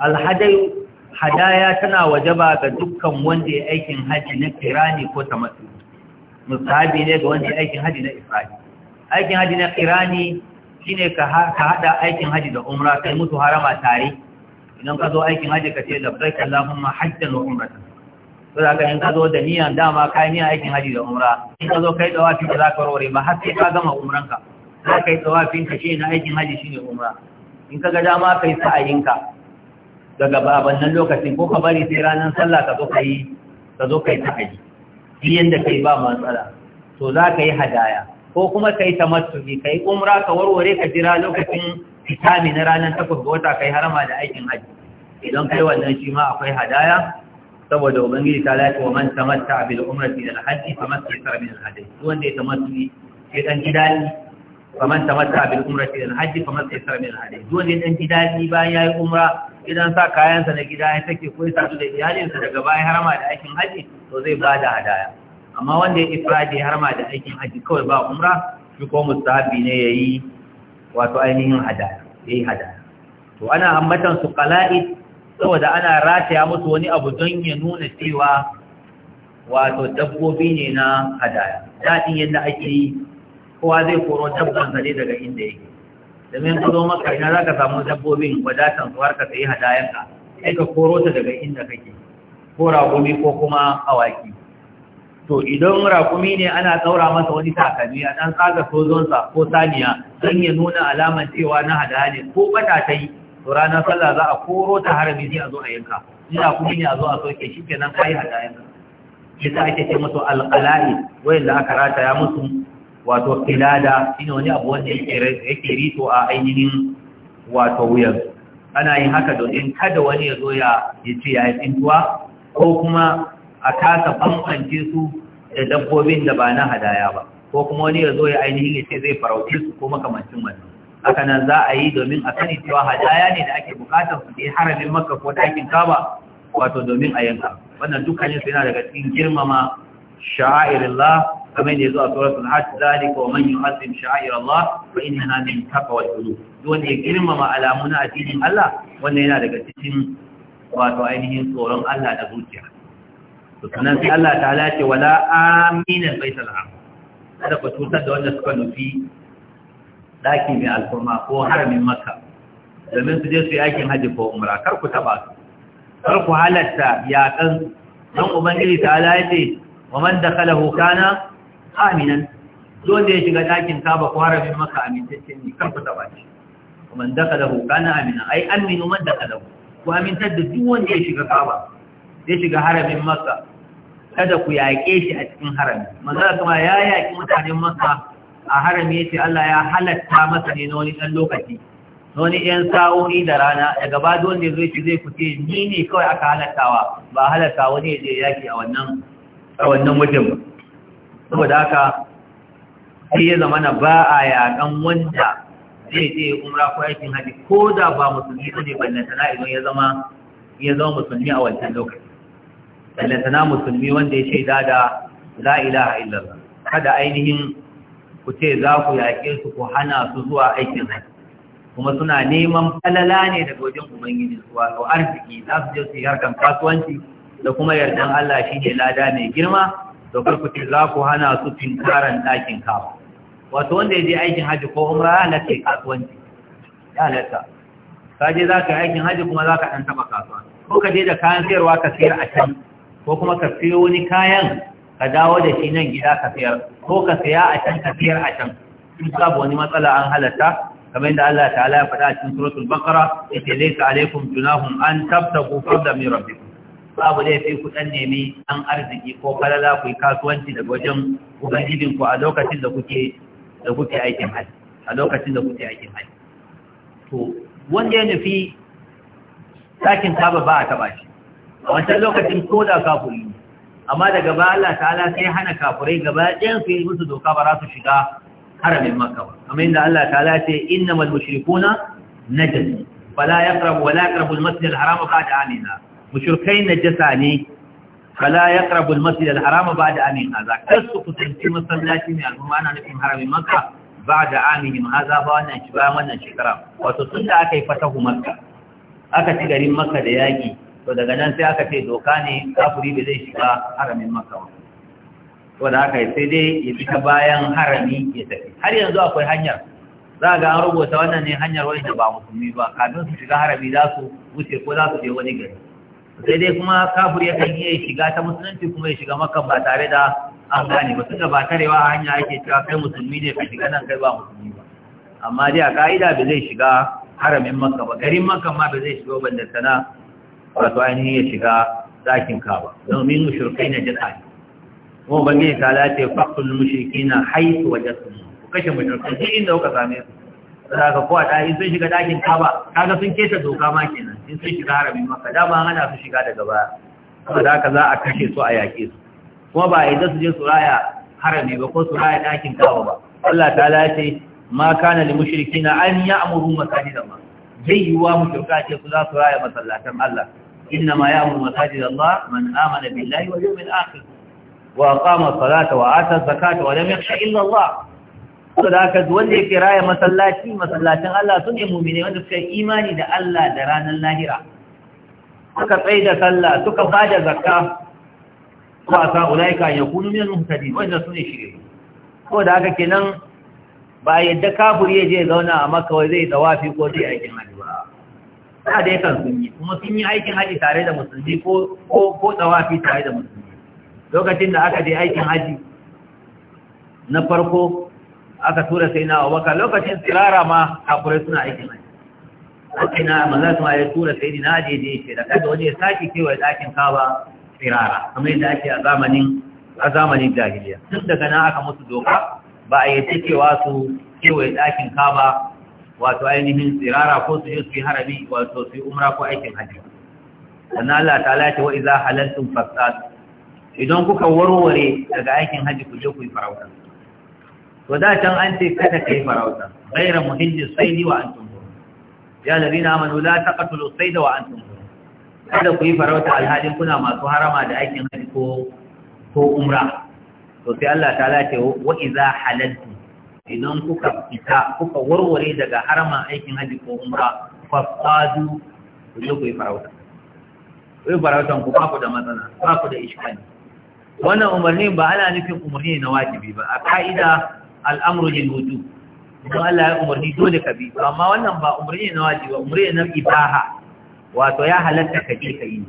alhadai hadaya tana wajaba ga dukkan wanda ya aikin haji na kirani ko ta tamattu musabi ne ga wanda ya aikin haji na isra'i aikin haji na kirani shine ka haɗa aikin haji da umra kai mutu harama tare idan ka zo aikin haji ka ce labbaik ma hajjan wa umratan sai aka yin ka da niyan dama kai niyan aikin haji da umra in ka zo kai tsawafi ka za ka warware ba har sai ka gama umranka za ka yi tsawafin ka shine aikin haji shine umra in ka ga dama kai sa'ayinka daga babannan lokacin ko ka bari sai ranar sallah ka zo kai ka zo kai sa'ayi biyan da kai ba matsala to za ka yi hadaya ko kuma ka yi tamattuki ka yi umra ka warware ka jira lokacin fitami na ranar takwas ga wata ka yi harama da aikin haji idan kai wannan shi ma akwai hadaya saboda ubangiji ta lati wa man tamatta bil umrati ila al-hajj fa man tayassara min al-hadi wanda ya tamattu ya dan ji dadi fa man tamatta bil umrati ila al-hajj fa man tayassara min al-hadi wanda ya dan ji dadi bayan yayi umra idan sa kayan sa na gida ya take koyi ya sadu da iyalin sa daga bayan harama da aikin haji to zai bada hadaya amma wanda ya ifradi harama da aikin haji kawai ba umra shi ko mustahabi ne yayi wato ainihin hadaya yayi hadaya to ana ambatan su qala'id saboda ana rataya musu wani abu don ya nuna cewa wato dabbobi ne na hadaya daɗin yadda ake yi kowa zai koro dabban ne daga inda yake domin kuzo maka ina za ka samu dabbobin wadatan su har ka sayi hadayanka sai ka koro ta daga inda kake ko raƙumi ko kuma awaki to idan raƙumi ne ana tsaura masa wani takalmi a ɗan tsaga sojonsa ko saniya don ya nuna alaman cewa na hadaya ne ko bata ta yi to ranar sallah za a koro ta harami sai a zo a yanka ina kuma ne a zo a soke shi kenan kai hada yanka shi ta ake ce musu alqala'i wayin da aka rataya musu wato kilada shine wani abu wanda yake rito a ainihin wato wuyan ana yin haka in kada wani ya zo ya ce ya yi tsintuwa ko kuma a kasa bambance su da dabbobin da ba na hadaya ba ko kuma wani ya zo ya ainihin ya ce zai farauce su ko makamancin wannan haka nan za a yi domin a sani cewa hadaya ne da ake bukatar su je harabin makka ko ɗakin kaba wato domin a yanka wannan dukkanin su yana daga cikin girmama sha'airillah kamar da ya zo a suratul hajj zalika wa man yu'azzim ko fa innaha min taqwa al-qulub wanda ya girmama na addinin Allah wannan yana daga cikin wato ainihin tsoron Allah da zuciya to sanan sai Allah ta ce wala amina baitul haram kada ku cutar da wanda suka nufi ɗaki mai alfurma ko haramin maka domin su je su yi aikin hajji ko umra kar ku taɓa su kar ku halatta yaƙan don ubangiji ta ala ya ce wa man da kala hukana aminan zuwan da ya shiga ɗakin kaba ko haramin maka amintacce ne kar ku taɓa shi wa man da kala hukana aminan ai aminu man da kala ku amintar da duk wanda ya shiga kaba ya shiga haramin maka kada ku yaƙe shi a cikin harami maza kuma ya yaƙi mutanen maka a harami yace Allah ya halatta masa ne na wani dan lokaci wani ɗan sa'o'i da rana daga da wanda zai ci zai kuce ni ne kawai aka halattawa ba halatta wani ya je yaki a wannan a wannan wajen saboda haka sai ya zamana ba a yakan wanda zai je umra ko aikin haji ko da ba musulmi ne sana idan ya zama ya zama musulmi a wancan lokaci ballantana musulmi wanda ya shaida da la ilaha illallah kada ainihin ku ce za ku yaƙe su ku hana su zuwa aikin haji kuma suna neman falala ne daga wajen ubangiji su wato arziki za su je su yi harkar kasuwanci da kuma yardan Allah shi ne lada mai girma ku ce za ku hana su tinkaran ɗakin kawo wato wanda ya je aikin haji ko umra halatta kasuwanci ya halatta ka je za ka aikin haji kuma za ka ɗan taɓa kasuwa ko ka je da kayan sayarwa ka sayar a can ko kuma ka sayo wani kayan ka dawo da shi nan gida ka siyar ko ka siya a can ka siyar a can in babu wani matsala an halatta kamar yadda Allah ta'ala ya faɗa a cikin suratul baqara yace laysa alaykum junahum an tabtagu fadlan min rabbikum babu laifi ku dan nemi an arziki ko falala ku yi kasuwanci daga wajen ubangijin ku a lokacin da kuke da kuke aikin hajji a lokacin da kuke aikin hajji to wanda ya nufi sakin kaba ba a taba shi a wancan lokacin ko da kafuri amma daga ba Allah ta'ala sai hana kafurai gaba ɗayan su yi musu doka ba za su shiga haramin makka ba kamar yadda Allah ta'ala ce innamal mushrikuna najas fala yaqrabu wala yaqrabu al-masjid al-haram ba'da amina mushrikai najasa ne fala yaqrabu al-masjid al-haram ba'da amin hadha kasu kusanci masallaci ne al'umma Ana nufin haramin makka ba'da amihim hadha ba wannan shi ba wannan shekara wato tun da aka yi fatahu makka aka ci garin makka da yaki to daga nan sai aka ce doka ne kafuri da zai shiga haramin maka ba to da haka sai dai ya fita bayan harami ya tafi har yanzu akwai hanyar za ga an rubuta wannan ne hanyar wani da ba musulmi ba kafin su shiga harami za su wuce ko za su je wani gari sai dai kuma ya yakan iya shiga ta musulunci kuma ya shiga maka ba tare da an gane ba tunda ba tarewa a hanya ake cewa kai musulmi ne ka shiga nan kai ba musulmi ba amma dai a ka'ida ba zai shiga haramin makka ba garin makka ma ba zai shiga ban da sana wato ainihin ya shiga ɗakin kaba domin mushrikai na jira ne kuma ya ta ce fakul mushriki na haisu wajen su ku kashe mushrikai duk inda kuka same su za ka kowa ta in sun shiga ɗakin kaba kaga sun keta doka ma kenan in sun shiga haramin maka dama hana su shiga daga baya kuma za ka za a kashe su a yaƙe su kuma ba a su je su raya harami ba ko su raya ɗakin kaba ba Allah ta lace ma kana li mushrikina an da masu zai yi wa mushrikai ce ku za su raya masallatan Allah inna ma ya'muru da Allah man amana billahi wa yawmil akhir wa aqama as-salata wa ata az-zakata wa lam yakhsha illa Allah saboda haka wanda yake raya masallaci masallatan Allah sune mu'mini wanda suka yi imani da Allah da ranar lahira suka tsaye da sallah suka bada zakka wa sa'ulaika yakunu min al-muhtadin wanda sune shirye saboda haka kenan ba yadda kafin ya je zauna a maka wai zai tawafi ko zai aikin haji ba ba dai kan sun yi kuma sun yi aikin haji tare da musulmi ko tsawafi tawafi tare da musulmi lokacin da aka je aikin haji na farko aka tura sai na abubakar lokacin tsirara ma kafirai suna aikin haji aka na maza su ma ya tura sai na je je shi da kada wani ya sake kewaye ɗakin kaba tsirara kamar yadda ake a zamanin a zamanin jahiliya tun daga nan aka musu doka ba a yi ta cewa kewaye ɗakin kaba wato ainihin tsirara ko su yi su yi harami wato su yi umra ko aikin hajji sannan Allah ta lati wa iza halaltun fasad idan kuka warware daga aikin hajji ku je ku yi farauta to da can an ce kada ka yi farauta gaira muhimmin ni wa antum ya ladina amanu la taqtulu da wa antum kada ku yi farauta alhalin kuna masu harama da aikin hajji ko ko umra to sai Allah ta lace wa iza halaltu idan kuka fita kuka warware daga harama aikin haji ko umra fasadu ku je ku yi farauta ku yi farautan ku ba ku da matsala ba ku da ishkali wannan umarni ba ana nufin umarni na wajibi ba a ka'ida al'amru lil wujub don Allah ya umarni dole ka bi amma wannan ba umarni na wajibi ba umarni na ibaha wato ya halatta ka je ka yi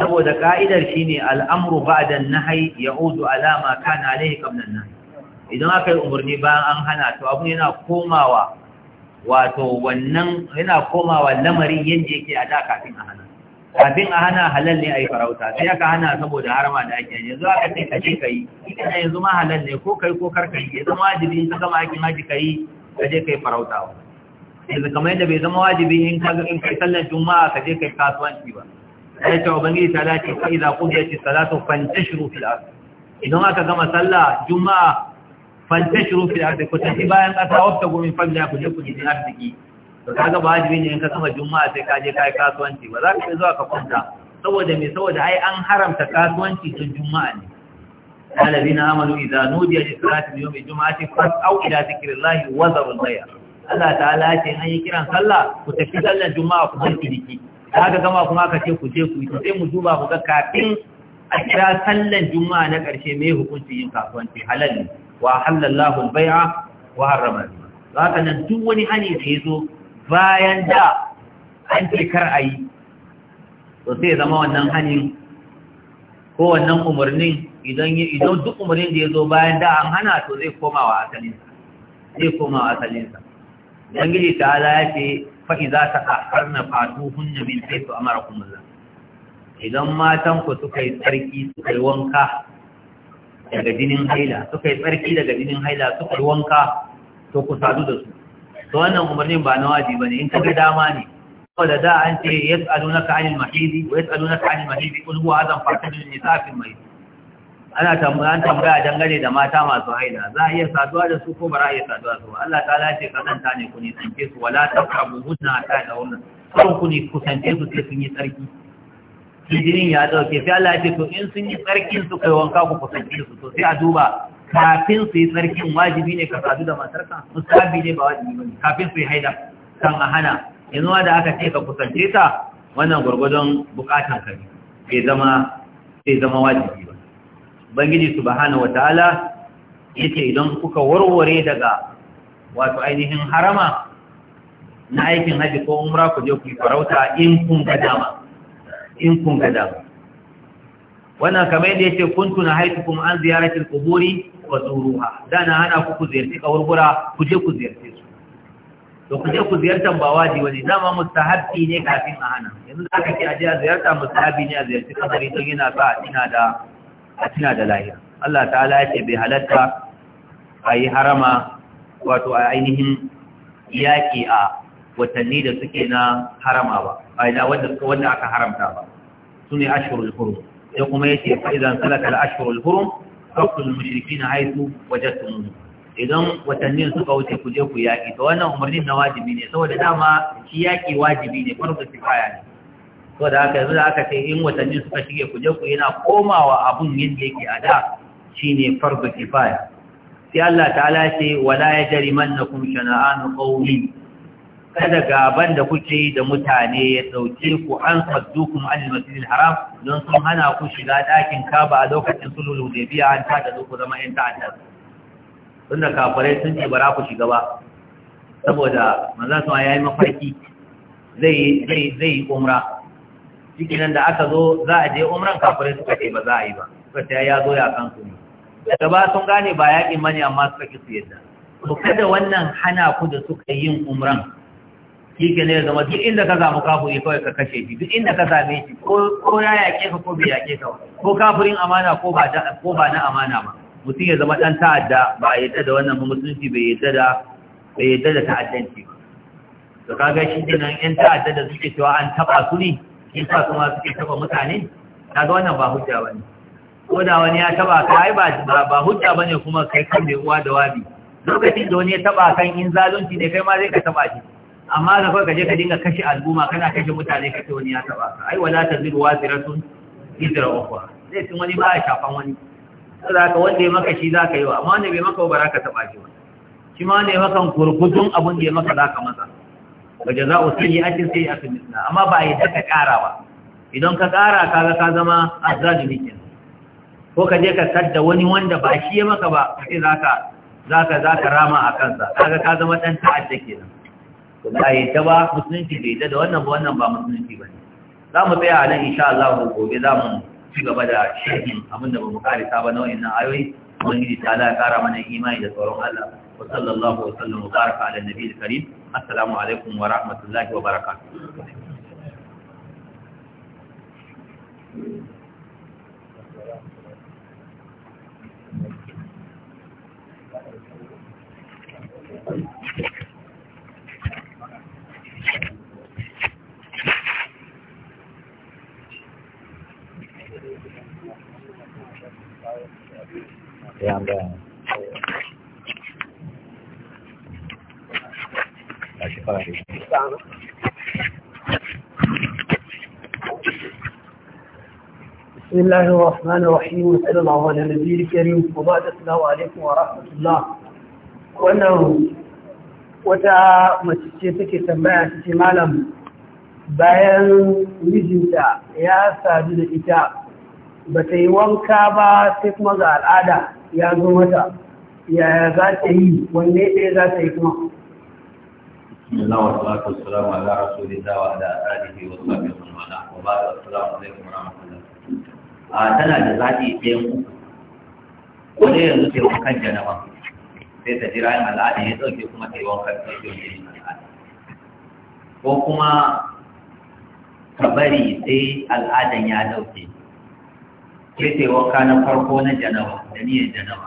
saboda ka'idar shine al'amru ba'da da nahy ya'udu ala alama kana alayhi qabla an-nahy idan aka yi umarni bayan an hana to abu yana komawa wato wannan yana komawa lamarin yadda yake a da kafin a hana kafin a hana halal ne a yi farauta sai aka hana saboda harama da ake yanzu aka ce ka je ka yi ina yanzu ma halal ne ko kai ko kar ka yi ya zama wajibi in ka gama aikin haji ka yi ka je ka yi farauta yanzu kamar yadda bai zama wajibi in ka in kai sallar juma'a ka je ka yi kasuwanci ba ai ta ubangiji ta lati fa idza qudiyati salatu fantashiru fil ard idan aka gama sallah juma'a fantashiru fil ard ku tafi bayan kasa wata gumin da ku je ku ji arziki to kaga ba wajibi ne in ka gama juma'a sai ka je kai kasuwanci ba za ka zuwa ka kwanta saboda me saboda ai an haramta kasuwanci tun juma'a ne الذين آمنوا إذا نودي للصلاة من يوم الجمعة فاسعوا إلى ذكر الله وذروا البيع الله تعالى ce an yi kiran sallah ku tafi sallar juma'a ku bar ciniki da gama kuma ka ce ku je ku yi sai mu duba ku ga kafin a kira sallan juma'a na ƙarshe mai hukunci yin kasuwanci halal ne wa halallahu bai'a wa harrama riba za ka nan duk wani hani da ya zo bayan da an ce kar a yi to sai zama wannan hani ko wannan umarnin idan idan duk umarnin da ya zo bayan da an hana to zai koma wa asalinsa zai koma wa asalinsa ubangiji ta ala ya ce fa'iza ta na fatuhun na min haifu a mara zan idan matanku suka yi tsarki suka yi wanka daga jinin haila suka yi tsarki daga jinin haila suka yi wanka to ku sadu da su to wannan umarnin ba na waji ba ne in kaga dama ne saboda da za an ce ya anil mahidi wa yas'alunaka anil mahidi qul huwa adan fartajul nisa fil mai. ana tambaya tambaya dangane da mata masu haida. za a iya saduwa da su ko ba za a iya saduwa su Allah ta lace kazanta ne ku sanke su wala taqrabu hunna ta da wannan kan ku ne kusance su sai sun yi tsarki jinin ya dauke sai Allah ya ce to in sun yi tsarkin su kai wanka ku kusance su to sai a duba kafin su yi tsarkin wajibi ne ka sadu da matarka musabi ne ba wajibi ba kafin su yi haida, kan a hana yanzu da aka ce ka kusance ta wannan gwargwadon bukatan ka ne bai zama wajibi ba ubangiji subhanahu wataala yace idan kuka warware daga wato ainihin harama na aikin haji ko umra ku je ku yi farauta in kun ga dama in kun ga dama wannan kamar yadda yace kuntu na kuma an ziyaratil quburi wa zuruha dana hana ku ku ziyarci kaburbura ku je ku ziyarce su to ku je ku ziyartar ba wajibi wani dama mustahabi ne kafin a hana yanzu da aka aje a a ziyarta mustahabi ne a ziyarci kabari to yana sa ina da a tuna da lahira Allah ta'ala ya ce bai halatta a yi harama wato a ainihin yaƙi a watanni da suke na harama ba a na wanda aka haramta ba su ne ashirul hurum ya kuma ya ce fa'idan salakar ashirul hurum kakkul mashirki na haisu wajen idan watannin suka wuce ku je ku yaƙi ta wannan umarnin na wajibi ne saboda dama shi yaƙi wajibi ne farko kaya ne ko da aka yanzu da aka ce in watanni suka shige ku je ku yana komawa abun yadda yake a da shine ke kifaya sai Allah ta'ala ce wala ya jari yajrimannakum shana'anu qawmin kada gaban da kuke da mutane ya dauke ku an saddukum an masjidil haram don sun hana ku shiga dakin kaba a lokacin sulhul hudaybiya an ta da ku zama yan ta'adda tunda kafirai sun ce bara ku shiga ba saboda manzon sa yi mafarki zai yi zai umra cikinan da aka zo za a je umran kafirai suka ce ba za a yi ba suka ce ya zo ya kan su ne daga ba sun gane ba yaƙin mani amma suka ki su yadda to kada wannan hana ku da suka yin umran kike ne zama duk inda ka samu kafiri kawai ka kashe shi duk inda ka same shi ko ya yaƙe ka ko bai yaƙe ka ko kafirin amana ko ba ko ba na amana ba mutum ya zama dan ta'adda ba a yadda da wannan musulunci bai yadda da bai yadda da ta'addanci ba to kaga shi dinan yan ta'adda da suke cewa an taba su ne in sa kuma suke taba mutane Ta ga wannan ba hujja ne. ko da wani ya taba ka ai ba ba hujja bane kuma kai kan mai uwa da wabi lokacin da wani ya taba kan in zalunci ne kai ma zai ka taba shi amma da kawai ka je ka dinga kashe al'umma kana kashe mutane ka ce wani ya taba ka ai wala taziru waziratun izra ukhra zai tun wani ba ya shafan wani saboda ka wanda ya maka shi za ka yi wa amma wanda bai maka ba za ka taba shi ba shi ma wanda ya maka kurkudun abin da ya maka za ka masa wa sai a sayyi'atun mithla amma ba yi ka ƙara ba idan ka ƙara kaga ka zama azali kenan ko ka je ka sadda wani wanda ba shi ya maka ba sai zaka zaka zaka rama a kansa kaga ka zama dan ta'adda kenan to ba ta ba musulunci bai da wannan ba wannan ba musulunci bane za mu tsaya a nan insha Allah gobe za mu ci gaba da shirin abinda ba mu karisa ba na wa'annan ayoyi ubangiji ta ala ya kara mana imani da tsoron Allah وصلى الله وسلم وبارك على النبي الكريم السلام عليكم ورحمة الله وبركاته Yeah, I'm done. a shekara wannan wata mace ce take tambaya ce malam bayan mijinta ya sadu da ita ba ta yi wanka ba sai kuma ga al'ada ya zo mata yaya za ta yi wanne ɗaya za ta yi kuma الله والصلاة والسلام على رسول الله وعلى tana da zaɓi ɗayan uku wani yanzu sai wankan janawa, sai ta jira yin al'ada ya ɗauke kuma sai wankan ɗauke yin al'ada ko kuma ka bari sai al'adan ya ɗauke sai ta wanka na farko na janawa, da niyyar janawa.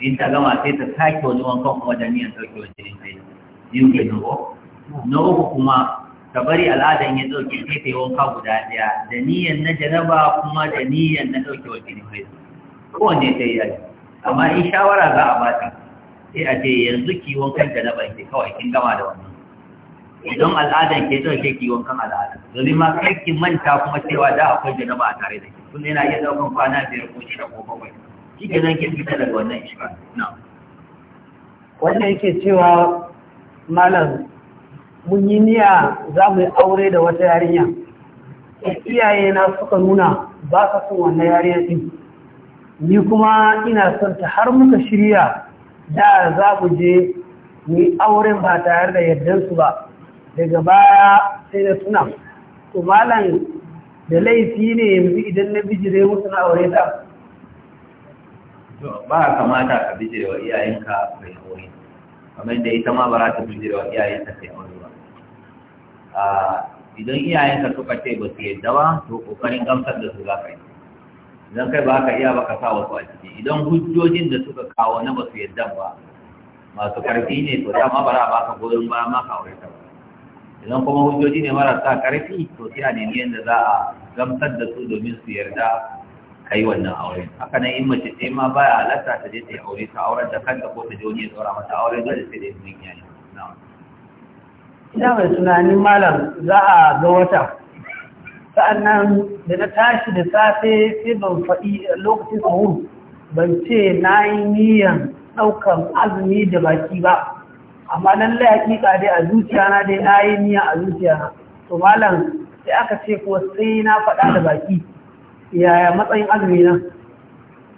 in ta gama sai ta sake wani wankan kuma da niyyar ɗauke wani jinin sai yin ke nubo na uku kuma ka bari al'adan ya dauke kefe wanka guda daya da niyan na janaba kuma da niyan na dauke wa jini mai kowanne ta yi yi amma in shawara za a bata sai a ce yanzu ki wankan janaba ke kawai kin gama da wannan idan al'adan ke dauke ki wankan al'ada domin ma kai ki manta kuma cewa da akwai janaba a tare da ke. kun yana iya daukan kwana biyar ko shida ko bakwai shi ke nan ke fita daga wannan ishka na wannan yake cewa malam mun yi niya za mu yi aure da wata yarinya iyaye na suka nuna ba sa son wannan yarinya ɗin ni kuma ina son ta har muka shirya da za mu je mu yi auren ba tare da yardansu ba daga baya sai da tuna to malam da laifi ne yanzu idan na bijire musu na aure ta ba kamata ka bijire wa iyayenka mai aure kamar da ita ma ba za ta bijira wa iyayen ta sai wani ba idan iyayen ka suka ce ba su yadda ba to kokarin gamsar da su za ka yi idan kai ba ka iya ba ka sa wasu a ciki idan hujjojin da suka kawo na ba su yadda ba masu karfi ne to dama ba za a baka goyon ba ma ka aure ta ba idan kuma hujjoji ne marasa karfi to sai a nemi yadda za a gamsar da su domin su yarda ka yi wannan aure haka nan in mace ce ma baya halatta ta je ta yi aure ta auren da kanta ko ta je wani ya tsora mata aure da sai da yin yayi ina mai tunanin malam za a ga wata sa'annan da na tashi da safe sai ban faɗi lokacin sahur ban ce na yi niyan ɗaukan azumi da baki ba amma lallai hakika dai a zuciyana dai na yi niyya a zuciyana to malam sai aka ce ko sai na faɗa da baki yaya matsayin azumi na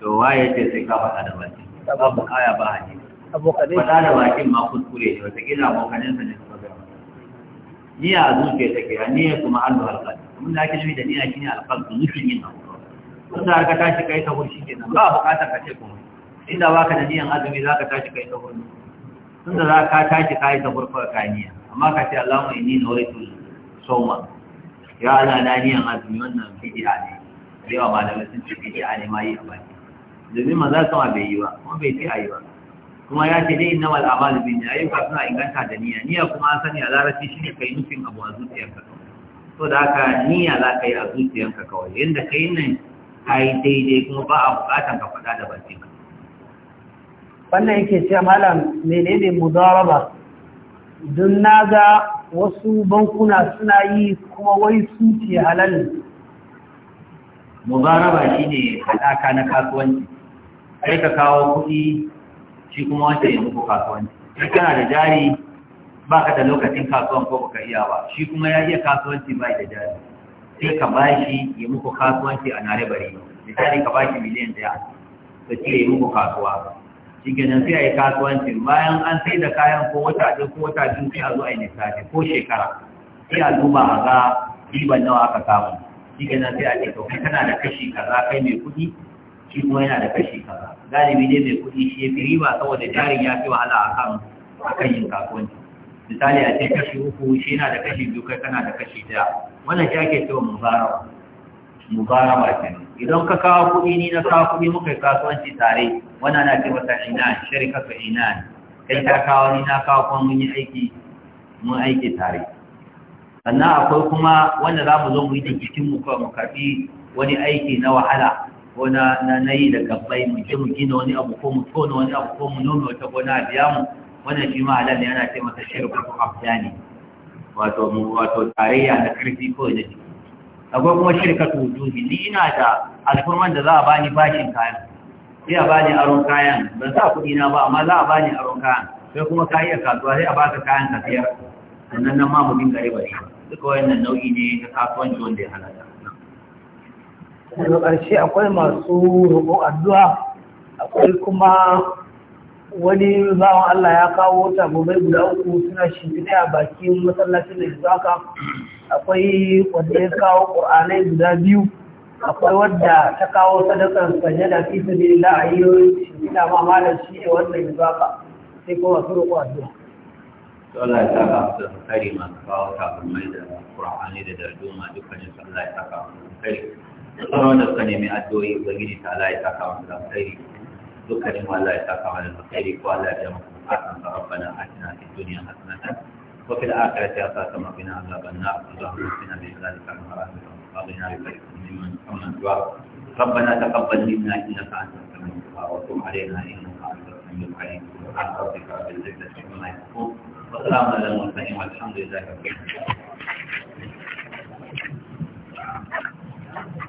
to waye ce sai ka faɗa da baki babu aya ba hadisi abokanai faɗa da bakin ma kuskure ne wata gina abokanin sa ne su ga niyya a ke take ya niyya kuma an zuwa alƙalmi abin da ake nufi da niyya shine alƙalmi nufin yin abu wanda har ka tashi kai ta shi kenan ba buƙatar ka ce komai inda baka da niyan azumi za ka tashi kai ta hurshi tunda za ka tashi kai ta ka kaniya amma ka ce Allahumma inni nawaitu sawma ya ala na niyan azumi wannan bid'a ne da yawa malamai sun ce bid'a ne ma yi a baki domin maza sama bai yi ba kuma bai ce a yi ba kuma ya ce dai innamal a'malu bin yi suna inganta da niyya niyya kuma an sani a larabci ne kai nufin abu a zuciyarka to da haka niyya za ka yi a zuciyarka kawai yadda ka yi nan ka yi daidai kuma ba a bukatan ka faɗa da baki ka wannan yake cewa malam menene mudaraba don na ga wasu bankuna suna yi kuma wai su ce halal mubaraba ne haɗaka na kasuwanci kai ka kawo kuɗi shi kuma wancan ya muku kasuwanci kai kana da jari ba ka da lokacin kasuwan ko baka iya ba shi kuma ya iya kasuwanci ba da jari sai ka bashi ya muku kasuwanci a nare bari misali ka bashi miliyan ɗaya ka cire ya muku kasuwa shi kenan sai a yi kasuwanci bayan an sai da kayan ko wata ɗin ko wata biyu sai a zo a yi nisa ko shekara sai a duba a ga riban nawa aka samu shi na nan sai a ce kai kana da kashi kaza kai mai kuɗi shi kuma yana da kashi kaza galibi ne mai kuɗi shi ya fi riba saboda jarin ya fi wahala a kan a kan yin kasuwanci misali a ce kashi uku shi yana da kashi biyu kai kana da kashi daya wannan shi ake cewa muzarawa muzarawa ce idan ka kawo kuɗi ni na kawo kuɗi muka yi kasuwanci tare wannan na ce wata ina shirka ka ina kai ta kawo ni na kawo kuma mun yi aiki mun aiki tare sannan akwai kuma wanda za mu zo mu yi da jikinmu kawai mu karɓi wani aiki na wahala ko na na yi da gabbai mu je mu gina wani abu ko mu tona wani abu ko mu nome wata gona a biya mu wannan shi ma halal ne ana ce masa shirka ko afda ne wato wato tarayya na karfi ko da jiki akwai kuma shirka to wujuhi ni ina da alfurman da za a bani bashin kayan sai a bani aron kayan ban sa kuɗi na ba amma za a bani aron kayan sai kuma ka iya kasuwa sai a baka kayan ka sayar sannan nan ma mu dinga riba shi duka wayannan nau'i ne na kasuwanci wanda ya halatta daga ƙarshe akwai masu roƙon addu'a akwai kuma wani bawan Allah ya kawo gobe guda uku suna shimfiɗa a bakin masallacin da ya haka akwai wanda ya kawo ƙur'anai guda biyu akwai wadda ta kawo sadakar da fi sabilillah a yi shimfiɗa ma malam shi ne wannan ya zaka sai kuma masu roƙon addu'a Allah ya saka su da kare masu kawo tabarmai da Qur'ani da darduma dukkanin su Allah ya saka su da kare sauran wanda suka nemi addu'o'i ubangiji ta Allah ya saka su da kare dukkanin mu Allah ya saka mu da kare ko Allah ya jama mu fatan sa rabbana atina fid dunya hasanatan wa fil akhirati hasanatan wa qina adhaban nar Allahumma qina bi hadhalika al-haram wa qina bi mimman amana du'a ربنا تقبل منا انك انت السميع الدعاء وتب علينا انك انت السميع العليم سبحان ربك رب العزه عما يصفون والسلام على المرسلين والحمد لله رب العالمين